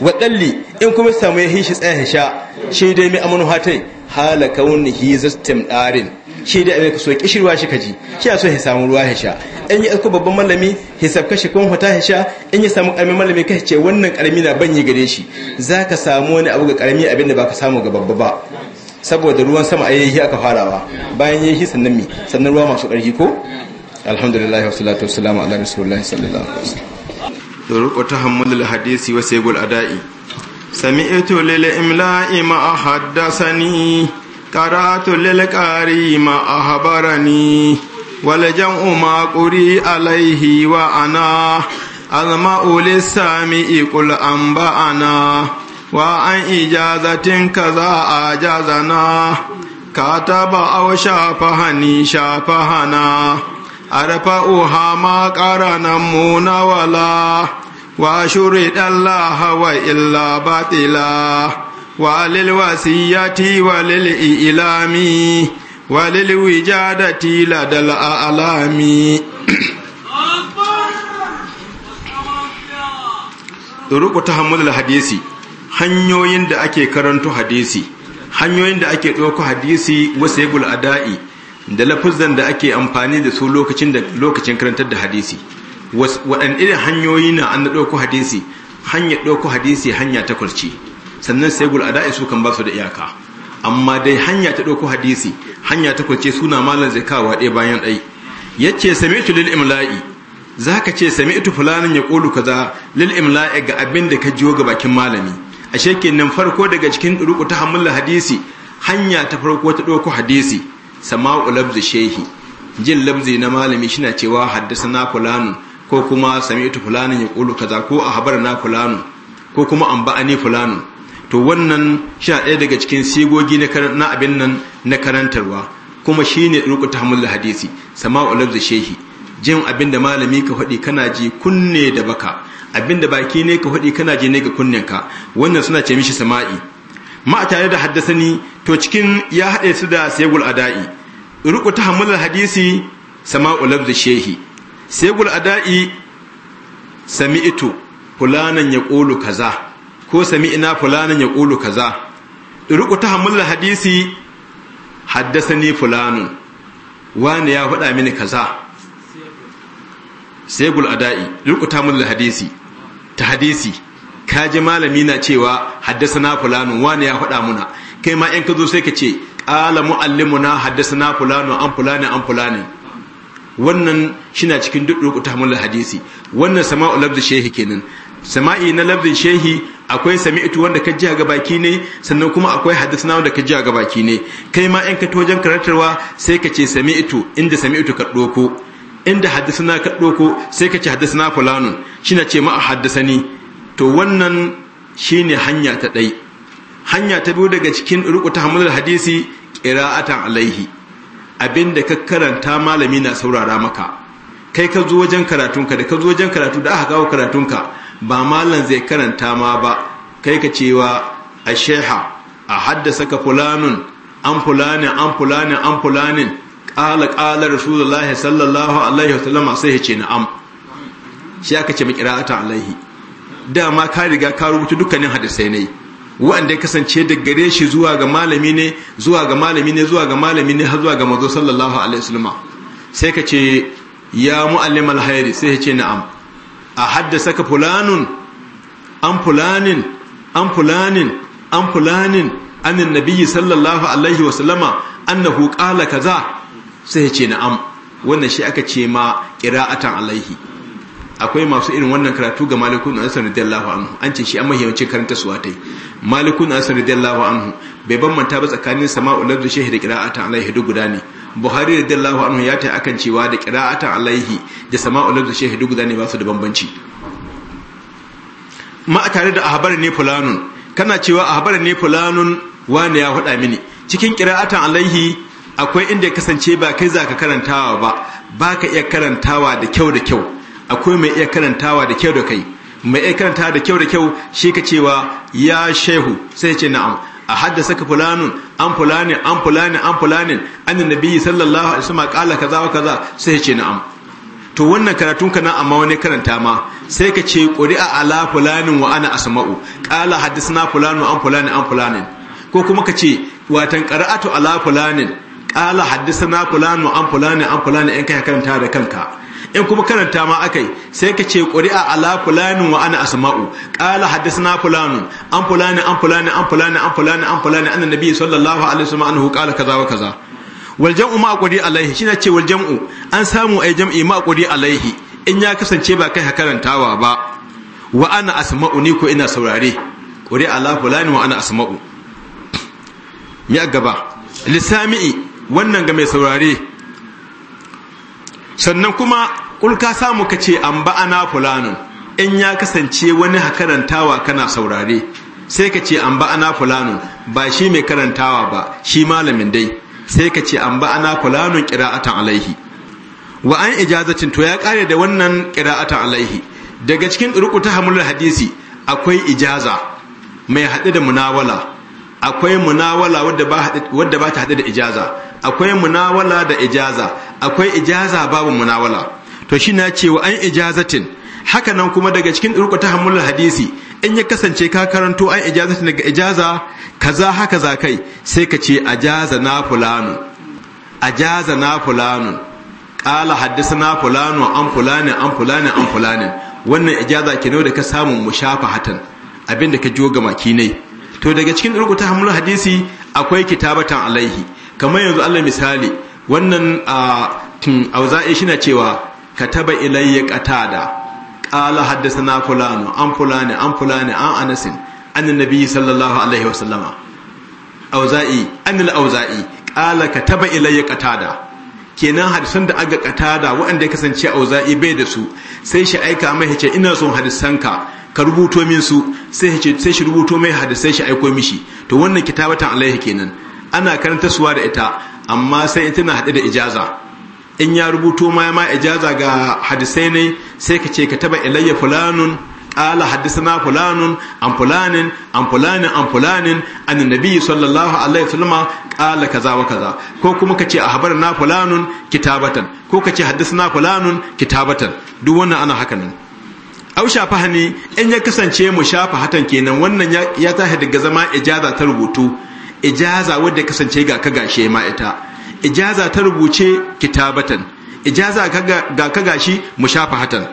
waɗalli in kuma samu ya hishi tsayin Hisha shi dai mai amonu hatai halaka wani hizastin ɗarin shi dai abin so kishirwa shi kaji shi a so ya samu ruwa Hisha in yi aiko babban malami hisab kashe kuma fata ya in ya samu ƙaramin malami ka ce wannan ƙarami na banyi gare shi za ka samu wani abu ga ƙarami abin da ba ka samu ga babba ba saboda ruwan sama a yi aka farawa bayan ya yi sannan mi sannan ruwa masu ƙarfi ko alhamdulillah wasu salatu wasu ala rasulullah sallallahu alaihi wasallam ruɓa ta hamadu hadisi wa segul ada'i sami ito lele imla'i ma a haddasa ni karatu lele kari a habara ni wale jan umakuri alaihi wa'ana, ana azama ule sami ikul amba ana wa an ijazatin kaza a jazana kataba au shafa hani shafa hana arfa'uha ma ƙaranan muna wala wa shuri ɗallaha wa illa batila wa lilwasiyyati wa lil'ilami wa lilwijadati ladal alami (coughs) duruku ta hamulul hadisi hanyoyin da ake karanto hadisi hanyoyin da ake ɗauko hadisi wasu yagul ada'i da lafuzan da ake amfani da su lokacin da lokacin karantar da hadisi waɗanne irin hanyoyi na an ɗauko hadisi hanyar ɗauko hadisi hanya ta kurci sannan sai gul ada'i su kan ba su da iyaka amma dai hanya ta ɗauko hadisi hanya ta kurci suna malam zai kawo ɗaya bayan ɗai yace sami'tu lil imla'i zaka ce sami'tu fulanin ya qulu kaza lil imla'i ga abin da ka jiwo ga bakin malami ashe kenan farko daga cikin rukuta ta hadisi hanya ta farko ta ɗauko hadisi sama'u labzi shehi jin labzi na malami shina cewa haddasa na fulanu ko kuma ita fulanin ya kulu kaza ko a habar na fulanu ko kuma an ba'ani fulanu to wannan sha ɗaya daga cikin sigogi na abin nan na karantarwa kuma shine rukuta tahmul hadisi sama'u labzi shehi jin abin da malami ka faɗi kana ji kunne da baka abin da baki ne ka faɗi kana ji ne ga kunnen ka wannan suna ce mishi sama'i ma a tare da haddasani to cikin ya haɗe su da segul ada'i ruku ta hamalar hadisi sama ulab da shehi segul ada'i ito fulanan ya ƙulu kaza ko sami'ina fulanan ya ƙulu kaza ruku ta hamalar hadisi haddasani fulanu wani ya faɗa mini kaza segul ada'i ruku ta hamalar hadisi ta hadisi ka ji malami na cewa haddasana fulanu wani ya faɗa muna kai ma in ka zo sai ka ce qala muallimuna haddasana fulanu an fulani an fulani wannan na cikin duk ruku tahmilul hadisi wannan sama'u labdi shehi kenan sama'i na labdin shehi akwai sami'tu wanda ka ji ga baki ne sannan kuma akwai na wanda ka ji ga baki ne kai ma in ka to wajen karatarwa sai ka ce sami'tu inda sami'tu ka doko inda na ka doko sai ka ce fulanu shi na ce ma haddasa ni. to wannan shi ne hanya ta ɗai hanya ta biyu daga cikin rukuta hamdul hadisi qira'atan alaihi abinda ka karanta malami na saurara maka kai ka zo wajen karatunka da ka zo wajen karatu da aka kawo karatunka ba malam zai karanta ma ba kai ka cewa a sheha a haddasa ka fulanun an fulanin an fulanin an fulanin ƙala ƙala rasulullahi sallallahu alaihi wasallama sai ya ce na'am shi aka ce makira'atan alaihi dama ka riga ka rubuta dukkanin hadisai ne wanda ya kasance da gare shi zuwa ga malami ne zuwa ga malami ne zuwa ga malami ne har zuwa ga mazo sallallahu alaihi wasallam sai ka ce ya muallim alhayri sai ya ce na'am a haddasa ka fulanun an fulanin an fulanin an fulanin anin nabiyyi sallallahu alaihi wasallama annahu qala kaza sai ya ce na'am wannan shi aka ce ma qira'atan alaihi akwai masu irin wannan karatu ga malikun ansar radiyallahu anhu an ce shi an mahimmancin karanta suwa tai malikun ansar radiyallahu anhu bai bambanta ba tsakanin sama'u lafzu shehi da qira'atan alaihi duk guda ne buhari radiyallahu anhu ya ta akan cewa da qira'atan alaihi da sama'u lafzu shehi duk guda ne ba su da bambanci ma tare da ahbar ne fulanun kana cewa ahbar ne fulanun wani ya faɗa mini cikin qira'atan alaihi akwai inda ya kasance ba kai zaka karantawa ba baka iya karantawa da kyau da kyau akwai mai iya karantawa da kyau da kai mai iya karantawa da kyau da kyau shi ka cewa ya shehu sai ce na'am a haddasa ka fulanun an fulanin an fulanin an fulanin an da nabi sallallahu alaihi wasallam kala kaza wa kaza sai ce na'am to wannan karatun ka na amma wani karanta ma sai ka ce qur'a ala fulanin wa ana asma'u kala haddathana fulanu an fulanin an fulanin ko kuma ka ce watan qara'atu ala fulanin kala haddathana fulanu an fulanin an fulanin in kai karanta da kanka in kuma karanta ma akai sai ka ce quri'a ala fulanin wa ana asma'u qala haddathna fulanun an fulani an fulani an fulani an fulani an fulani annabi sallallahu alaihi wasallam anhu qala kaza wa kaza wal jam'u ma qudi alaihi shine ce wal jam'u an samu ai jam'i ma qudi alaihi in ya kasance ba kai hakarantawa ba wa ana asma'u ni ko ina saurare quri ala fulani wa ana asma'u mi gaba lisami'i wannan ga mai saurare sannan kuma ka samu ka ce an ba ana fulanin in ya kasance wani karantawa kana saurare sai ka ce an ba ana fulanin ba shi mai karantawa ba shi malamin dai sai ka ce an ba ana fulanin qira'atan alaihi wa an ijazatin to ya kare da wannan qira'atan alaihi daga cikin rukuta ta hamul hadisi akwai ijaza mai haɗe da munawala akwai munawala wadda ba ta haɗe da ijaza akwai munawala da ijaza akwai ijaza babu munawala to shi na cewa an ijazatin haka nan kuma daga cikin ta tahammul hadisi in ya kasance ka karanto an ijazatin daga ijaza kaza haka za kai sai ka ce ajaza na fulano ajaza na fulanu qala na fulano an fulani an fulani an fulani wannan ijaza ke da ka samu hatan abinda ka jiwo ga maki to daga cikin ta tahammul hadisi akwai kitabatan alaihi kamar yanzu Allah misali wannan a ah, auza'i shi na cewa كتب ilayya قتادة قال حدثنا فلان an فلان an فلان an anasin an النبي sallallahu alaihi عليه وسلم an أن auzai قال كتب ilayya قتادة kenan hadisan da aga katada waɗanda ya kasance auza'i bai da su sai shi aika mai ce ina son hadisanka ka rubuto min su sai shi sai shi rubuto mai hadisai shi aiko mishi to wannan kitabatan alaihi kenan ana karanta suwa da ita amma sai na hade da ijaza in ya rubuto ma ma ijaza ga hadisai ne sai ka ce ka taba ilayya fulanun qala hadisana fulanun an fulanin an fulanin an fulanin an nabi sallallahu alaihi wasallam qala kaza wa kaza ko kuma ka ce a habar na fulanun kitabatan ko ka ce hadisana fulanun kitabatan duk wannan ana haka nan au shafa hani in ya kasance mu shafa hatan kenan wannan ya tashi daga zama ijaza ta rubutu ijaza wadda kasance ga ka gashe ma ita ijaza ta rubuce kitabatan ijaza ga ka gashi mu shafa hatan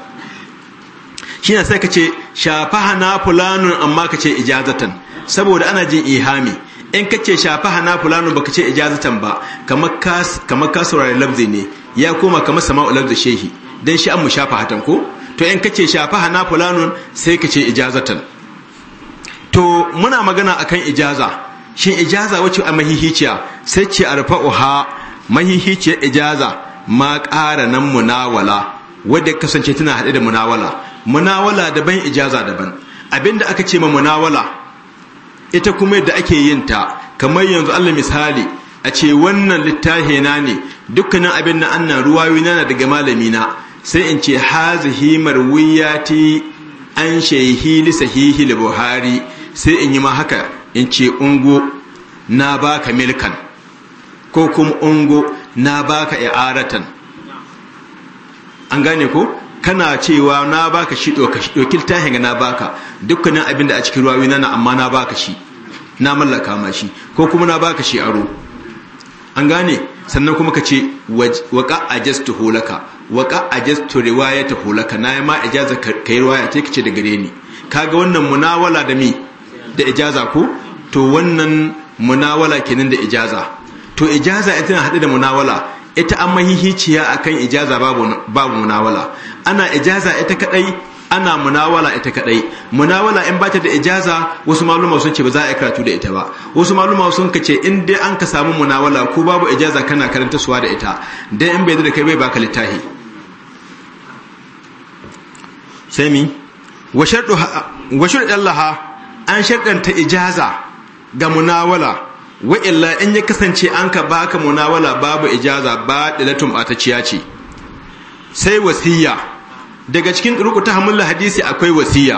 shi sai ka ce shafaha na fulanun amma ka ce ijazatan saboda ana jin ihami in ka ce shafaha na fulanun baka ce ijazatan ba kamar ka saurari lafzi ne ya koma kamar sama'u lafzi shehi don shi an mu shafa hatan ko to in ka ce shafaha na fulanun sai ka ce ijazatan to muna magana akan ijaza shin ijaza wacce a mahihiciya sai ce arfa'uha mahihiciyar ijaza ma ƙara nan munawala wadda kasance tana haɗe da munawala munawala daban ijaza daban abinda aka ce ma munawala ita kuma yadda ake yin ta kamar yanzu Allah misali a ce wannan littafi na ne dukkanin abin na annan ruwayoyi na daga malami na sai in ce hazihi marwiyati an shehi li sahihi buhari sai in yi ma haka in ce ungu na baka milkan ko kuma ungo na baka i'aratan an gane ko kana cewa na baka shi dokil tahin na baka dukkanin abin da a cikin ruwa na amma na baka shi na mallaka ma shi ko kuma na baka shi aro an gane sannan kuma ka ce waka ajastu holaka waka ajastu riwayata holaka na yi ma ijaza ka kai riwaya ta ce da gare ni kaga wannan munawala da mi da ijaza ko to wannan munawala kenan da ijaza to ijaza ita na haɗe da munawala ita an mahihiciya akan ijaza babu munawala ana ijaza ita kadai ana munawala ita kadai munawala in bata da ijaza wasu maluma sun ce ba za a yi karatu da ita ba wasu maluma sun ka ce in dai an ka samu munawala ko babu ijaza kana karanta suwa da ita dai in bai da kai bai baka littahi sai mi wa sharɗu Allah an sharɗanta ijaza ga munawala wa illa in ya kasance an ka baka munawala babu ijaza ba dilatun ɓatacciya ce sai wasiya daga cikin rukuta hamulla hadisi akwai wasiya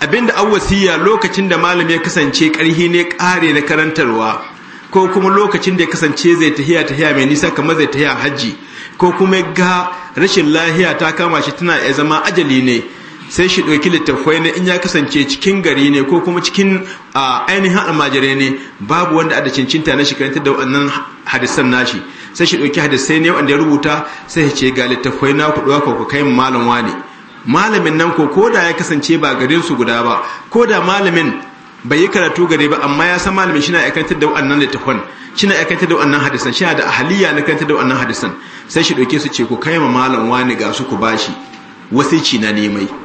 abinda an wasiya lokacin da malam ya kasance karhi ne kare na karantarwa ko kuma lokacin da ya kasance zai tahiya tahiya mai nisa kamar zai tahiya hajji ko kuma ga rashin lahiya ta kama shi tana ya zama ajali ne sai shi ɗauki littattafai na in ya kasance cikin gari ne ko kuma cikin ainihin almajirai ne babu wanda ada cincinta na shikaranta da wannan hadisan nashi sai shi ɗauki hadisai ne wanda ya rubuta sai ce ga littattafai na kuɗuwa ko ku kai malam wani malamin nan ko koda ya kasance ba garin su guda ba koda malamin bai yi karatu gare ba amma ya san malamin shi na aikantar da wannan littafan shi na aikantar da wannan hadisan shi da ahliya na kantar da wannan hadisan sai shi ɗauke su ce ku kai ma malam wani ga su ku bashi ci na nemai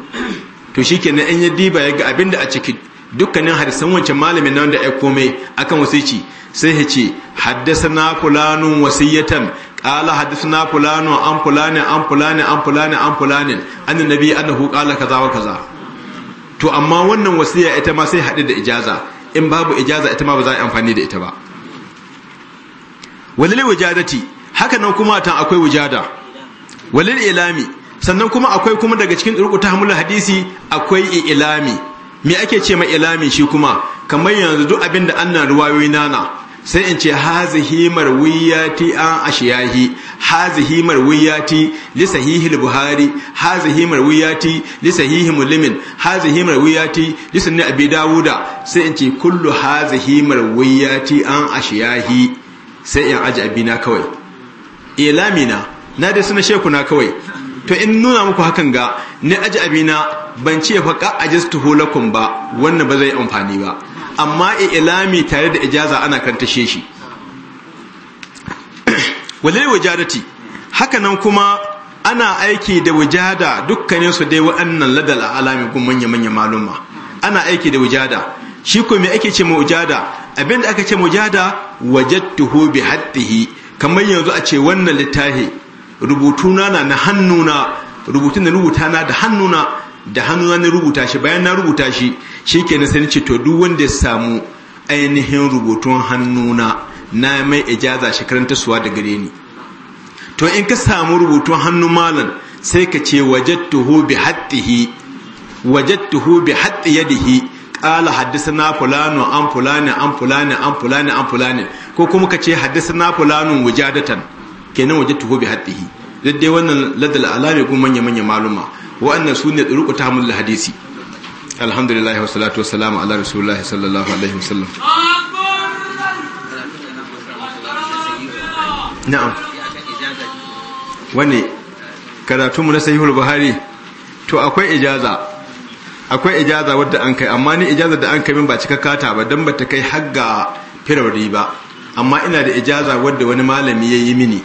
to shi kenan in ya diba ya ga abinda a ciki dukkanin hadisan wancan malamin nan da ya komai akan wasici sai ya ce haddasana fulanun wasiyatan qala haddasana fulanu an fulanin an fulanin an fulanin an fulanin annabi annahu qala kaza wa kaza to amma wannan wasiya ita ma sai hade da ijaza in babu ijaza ita ma ba za a amfani da ita ba walil wajadati haka nan kuma tan akwai wujada walil ilami sannan kuma akwai kuma daga cikin ɗurku ta hamula hadisi akwai ilami me ake ce mai ilami shi kuma kamar yanzu duk abin da annan ruwayoyi nana sai in ce hazihi marwiyati an ashiyahi hazihi marwiyati li sahihi al-buhari hazihi marwiyati li sahihi muslim hazihi marwiyati li sunni abi dawuda sai in ce kullu hazihi marwiyati an ashiyahi sai in aji abina kawai ilamina na da suna shekuna kawai to in nuna muku hakan ga ni aji abina ban ce fa ka ajistu hulakum ba wannan ba zai amfani ba amma ilami tare da ijaza ana kan tashe shi (clears throat) walil wajarati haka nan kuma ana aiki da wajada dukkanin su dai wa'annan ladal alami kun manya manya maluma ana aiki da wajada. shi ko me ake ce mu wajada? abinda aka ce mu wujada wajadtuhu bi haddihi kamar yanzu a ce wannan littafi rubutuna na na hannuna rubutun da rubuta na da hannuna da hannuna na rubuta shi bayan na rubuta shi shi ke na ce to duk wanda ya samu ainihin rubutun hannuna na mai ijaza shi karanta suwa da gare ni to in ka samu rubutun hannu malam sai ka ce wajattuhu bi hattihi wajattuhu bi hatti yadihi qala haddathana fulanu an fulani an fulani an fulani an fulani ko kuma ka ce haddathana fulanun wujadatan kenan tuho bi haddihi dai wannan ladal alami kuma manya manya maluma wa'annan sune turuqu tahmul hadisi alhamdulillah wa salatu wassalamu ala rasulillah sallallahu alaihi sallam na'am wani karatu mu na sahihul buhari to akwai ijaza akwai ijaza wadda an kai amma ni ijaza da an kai min ba cikakkata ba dan bata kai ga firawri ba amma ina da ijaza wadda wani malami yayi mini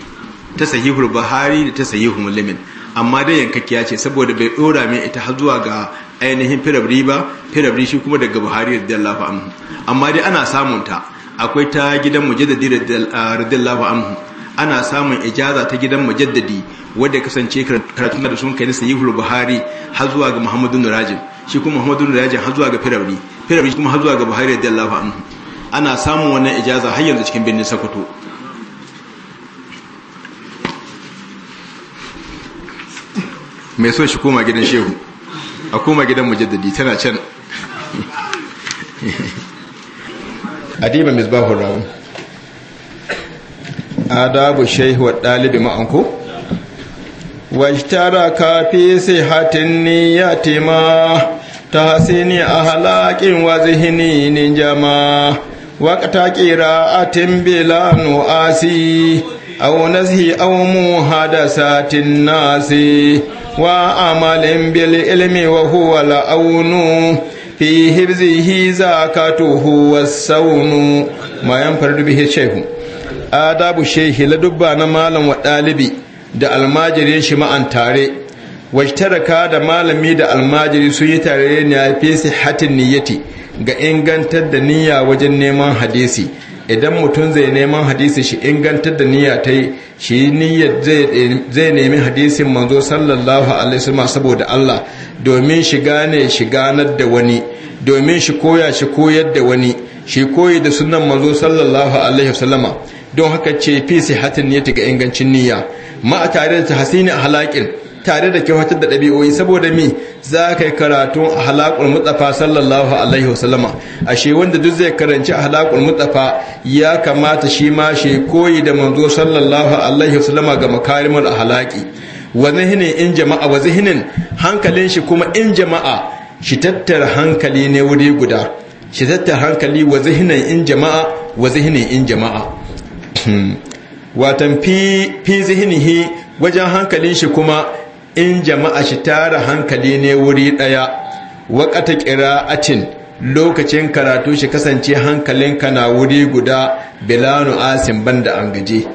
ta sahihul buhari da ta sahihul muslimin amma dai yankakkiya ce saboda bai dora mai ita har zuwa ga ainihin firabri ba firabri shi kuma daga buhari radiyallahu anhu amma dai ana samun ta akwai ta gidan mujaddadi ah, radiyallahu anhu ana samun ijaza ta gidan mujaddadi wanda kasance karatu da sun kai na sahihul buhari har zuwa ga muhammadu nurajin shi kuma muhammadu nurajin har zuwa ga firabri firabri kuma har zuwa ga buhari radiyallahu anhu ana samun wannan ijaza har yanzu cikin birnin sokoto mai so shi koma gidan shehu a koma gidan mujaddadi tana can adiba misbahul rawu adabu shehu dalibi ma'anku wajtara kafi sai hatin ya tima, ta ni a halakin wazihini ni jama wakata kira a timbilanu asi a wunashi aumu hada satin nasi wa amalin bil ilmi wa huwa la'aunu fi hibzihi zakatuhu was-sawnu ma yanfardu bihi shaykh adabu shaykh la na malam wa dalibi da almajirin shi ma an tare wajtaraka da malami da almajiri su yi tare ne a fi hatin niyyati ga ingantar da niyya wajen neman hadisi idan mutum zai neman hadisi shi ingantar da niyya ta yi shi niyyar zai nemi hadisin manzo sallallahu alaihi wasallam saboda Allah domin shi gane shi ganar da wani domin shi koya shi koyar da wani shi koyi da sunan manzo sallallahu alaihi wasallama don haka ce fi sihatin niyyati ga ingancin niyya ma a tare da tahsini ahlaqin tare da kyautar da ɗabi'oyi saboda me za ka yi karatu a halakul mutsafa sallallahu alaihi wasallama ashe wanda duk zai karanci halakul mutsafa ya kamata shi ma shi koyi da manzo sallallahu alaihi wasallama ga makarimul ahlaki wani hinin in jama'a wani hinin hankalin shi kuma in jama'a shi tattara hankali ne wuri guda shi tattara hankali wani hinin in jama'a wani hinin in jama'a hmm. watan fi zihinihi wajen hankalin shi kuma in jama'a shi tara hankali ne wuri ɗaya waƙata ƙira'atin lokacin karatu shi kasance hankalinka na wuri guda bilanu asin banda an gaje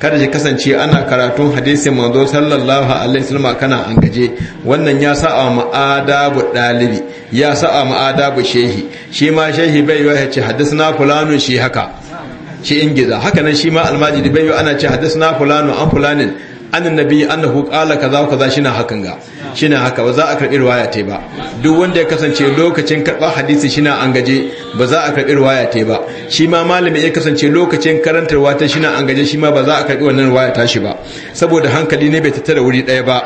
kada shi kasance ana karatun hadisin manzo sallallahu alaihi wasallam kana an gaje wannan ya sa a ma'adabu dalibi ya sa a ma'adabu shehi shi ma shehi bai yi ce hadisna fulanu shi haka shi ingiza haka nan shi ma almajidi bai yi ana ce hadisna fulanu an fulanin annan nabi annahu qala kaza kaza shine hakan ga shine haka ba za a karbi riwaya tai ba duk wanda ya kasance lokacin karba hadisi shine an gaje ba za a karbi riwaya tai ba shi ma malami ya kasance lokacin karantarwa ta shine an gaje shi ma ba za a karbi wannan riwaya ta shi ba saboda hankali ne bai tattara wuri daya ba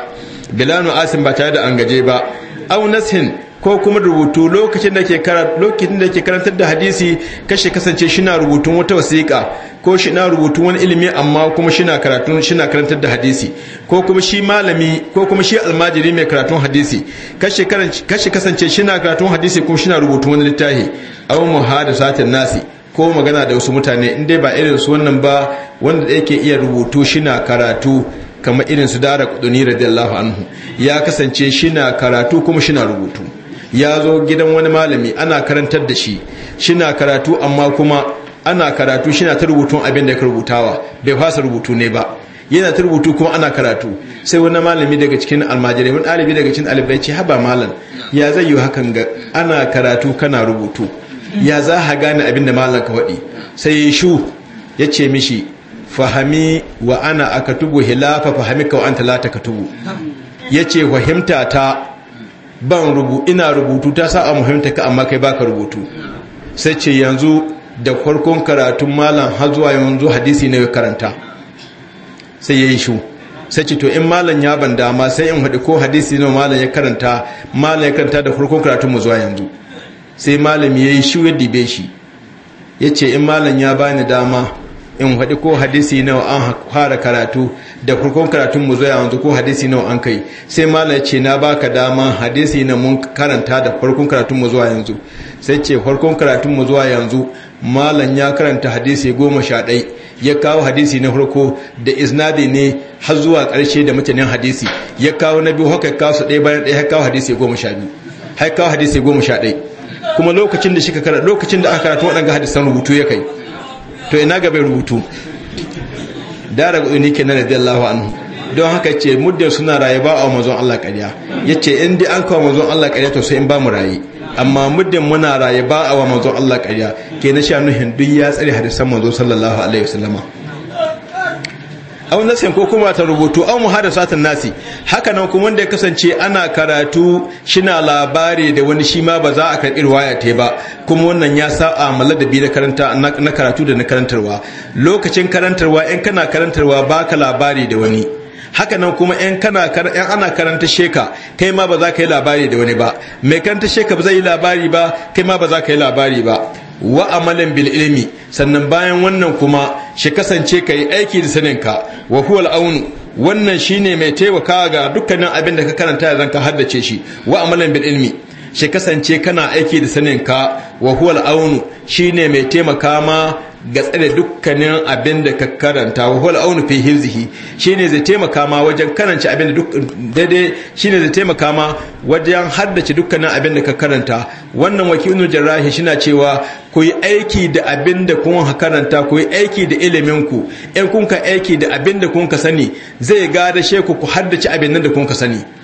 bilanu asim ba tare da an gaje ba aw nashin ko kuma rubutu lokacin da ke karantar da hadisi kashe kasance shina rubutun wata wasiƙa ko shina rubutun wani ilimi amma kuma shina karantar da hadisi ko kuma shi malami ko kuma shi almajiri mai karatun hadisi kashe kasance shina karatun hadisi ko shina rubutun wani littafi aw satin nasi ko magana da wasu mutane in dai ba irin su wannan ba wanda da yake iya rubutu shina karatu kamar irin su dara kuduni radiyallahu anhu ya kasance shina karatu kuma shina rubutu ya zo gidan wani malami ana karantar da shi shi na karatu amma kuma ana karatu shi na ta rubutun abin da ya rubutawa bai fasa rubutu ne ba yana ta rubutu kuma ana karatu sai wani malami daga cikin almajirai wani ɗalibi daga cikin ɗalibai ce haba malam ya zai yi hakan ga ana karatu kana rubutu ya za ha gane abin da malam ka faɗi sai shu ya ce mishi fahami wa ana aka tubu hilafa fahami ka wa an talata ka tubu ya ce fahimta ta ban rubu ina rubutu ta sa a muhimta ka amma kai baka rubutu sai ce yanzu da farkon karatun malam har zuwa yanzu hadisi ne karanta sai ya yi shu sai ce to in malam ya ban dama sai in hadi ko hadisi ne malam ya karanta malam ya karanta da farkon karatun mu zuwa yanzu sai malam yi shu ya dibe shi yace in malam ya bani dama in hadi ko hadisi ne an fara karatu da farkon karatun mu zuwa yanzu ko hadisi nawa an kai sai malam ce na baka dama hadisi na mun karanta da farkon karatun mu zuwa yanzu sai ce farkon karatun mu zuwa yanzu malam ya karanta hadisi goma sha ɗai ya kawo hadisi na farko da isnadi ne har zuwa ƙarshe da mutanen hadisi ya kawo na biyu haka kawo su ɗaya bayan ɗaya ya kawo hadisi goma sha biyu har kawo hadisi goma sha ɗai kuma lokacin da shi ka karanta lokacin da aka karanta waɗanga hadisan rubutu ya kai to ina ga bai rubutu dara uni kenan radiyallahu anhu don haka ce muddin suna raye ba a mazon Allah kariya yace in dai an kawo mazon Allah karya to sai in ba mu raye amma muddin muna raye ba a mazon Allah kariya kenan sha nuhin duniya ya tsare hadisan manzo sallallahu alaihi wasallama aw nasin ko kuma ta rubutu aw muhadasatun nasi haka nan kuma wanda ya kasance ana karatu shina labari da wani shi ma ba za a karbi riwaya ta ba kuma wannan ya a maladabi da karanta na karatu da na karantarwa lokacin karantarwa in kana karantarwa ba ka labari da wani haka nan kuma in kana yan ana karanta sheka kai ma ba za ka yi labari da wani ba mai karanta sheka ba zai yi labari ba kai ma ba za ka yi labari ba wa amalan bil ilmi sannan bayan wannan kuma shi kasance ka yi aiki da saninka wa huwal aunu wannan shine mai taimakawa ga dukkanin abin da ka karanta ya ka haddace shi wa amalan bil ilmi shi kasance kana aiki da saninka wa huwal aunu shine mai taimaka ma ga tsare dukkanin abin da ka karanta wa huwal aunu fi shi ne zai taimaka ma wajen karanta abin da duk daidai ne zai taimaka ma wajen haddace dukkanin abin da ka karanta wannan wakilun jarrahi na cewa ku yi aiki da abin da kun karanta ku yi aiki da ilimin ku in kun ka aiki da abin da kun ka sani zai gada sheku ku haddace abin da kun ka sani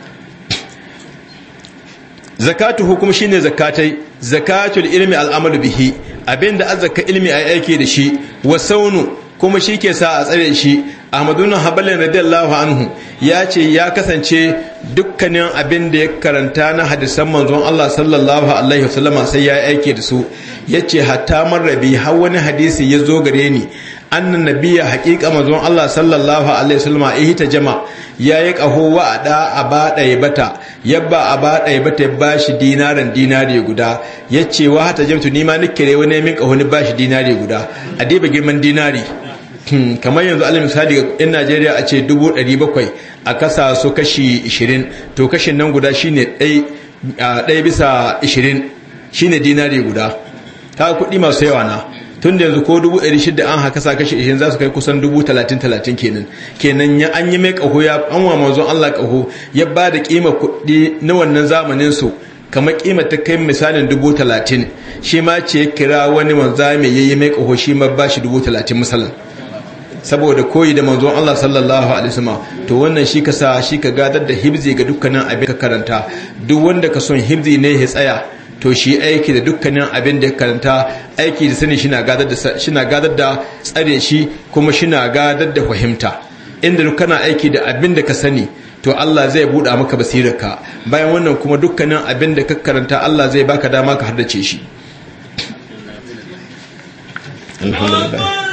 hukum shi shine zakatai zakatul ilmi al'amalu bihi abinda azzaka ilmi ay aiki da shi wa saunu kuma shi ke sa a tsare shi ahmadun habalin radiyallahu anhu ya ce ya kasance dukkanin abin da ya karanta na hadisan manzon Allah sallallahu alaihi wasallama sai ya aike da su yace hatta marrabi har wani hadisi ya zo gare ni annan nabiya hakika manzon Allah sallallahu alaihi wasallama ihi ta jama ya yi ƙaho wa a ba ɗaya bata yabba a ba ɗaya bata ba shi dinaran dinari guda ya ce wa hata jamtu nima nikire wani min ƙaho ni ba shi dinari guda a diba girman dinari hmm, kamar yanzu alal misali ga yan najeriya a ce 700 a kasa su kashi 20 to kashin nan guda shine ɗaya bisa 20 shine dinari guda ta kuɗi masu yawa na tun da yanzu ko dubu ɗari shida an haka sa kashe ishirin za su kai kusan dubu talatin talatin kenan kenan ya an yi mai ƙaho ya an wa manzon Allah ƙaho ya ba da kima kuɗi na wannan zamanin su kamar ƙima ta kai misalin dubu talatin shi ma ce kira wani manza mai yi mai ƙaho shi ma ba shi dubu talatin misalin saboda koyi da manzon Allah sallallahu alaihi wasallam to wannan shi ka sa shi ka gadar da hibzi ga dukkanin abin ka karanta duk wanda ka son hibzi ne ya tsaya to shi aiki da dukkanin abin da karanta aiki da sani shina gadar da tsare shi kuma shina gadar da fahimta inda duk kana aiki da abin da ka sani to Allah zai buɗa maka basirarka bayan wannan kuma dukkanin abin da ka karanta Allah zai baka dama ka haddace shi alhamdulillah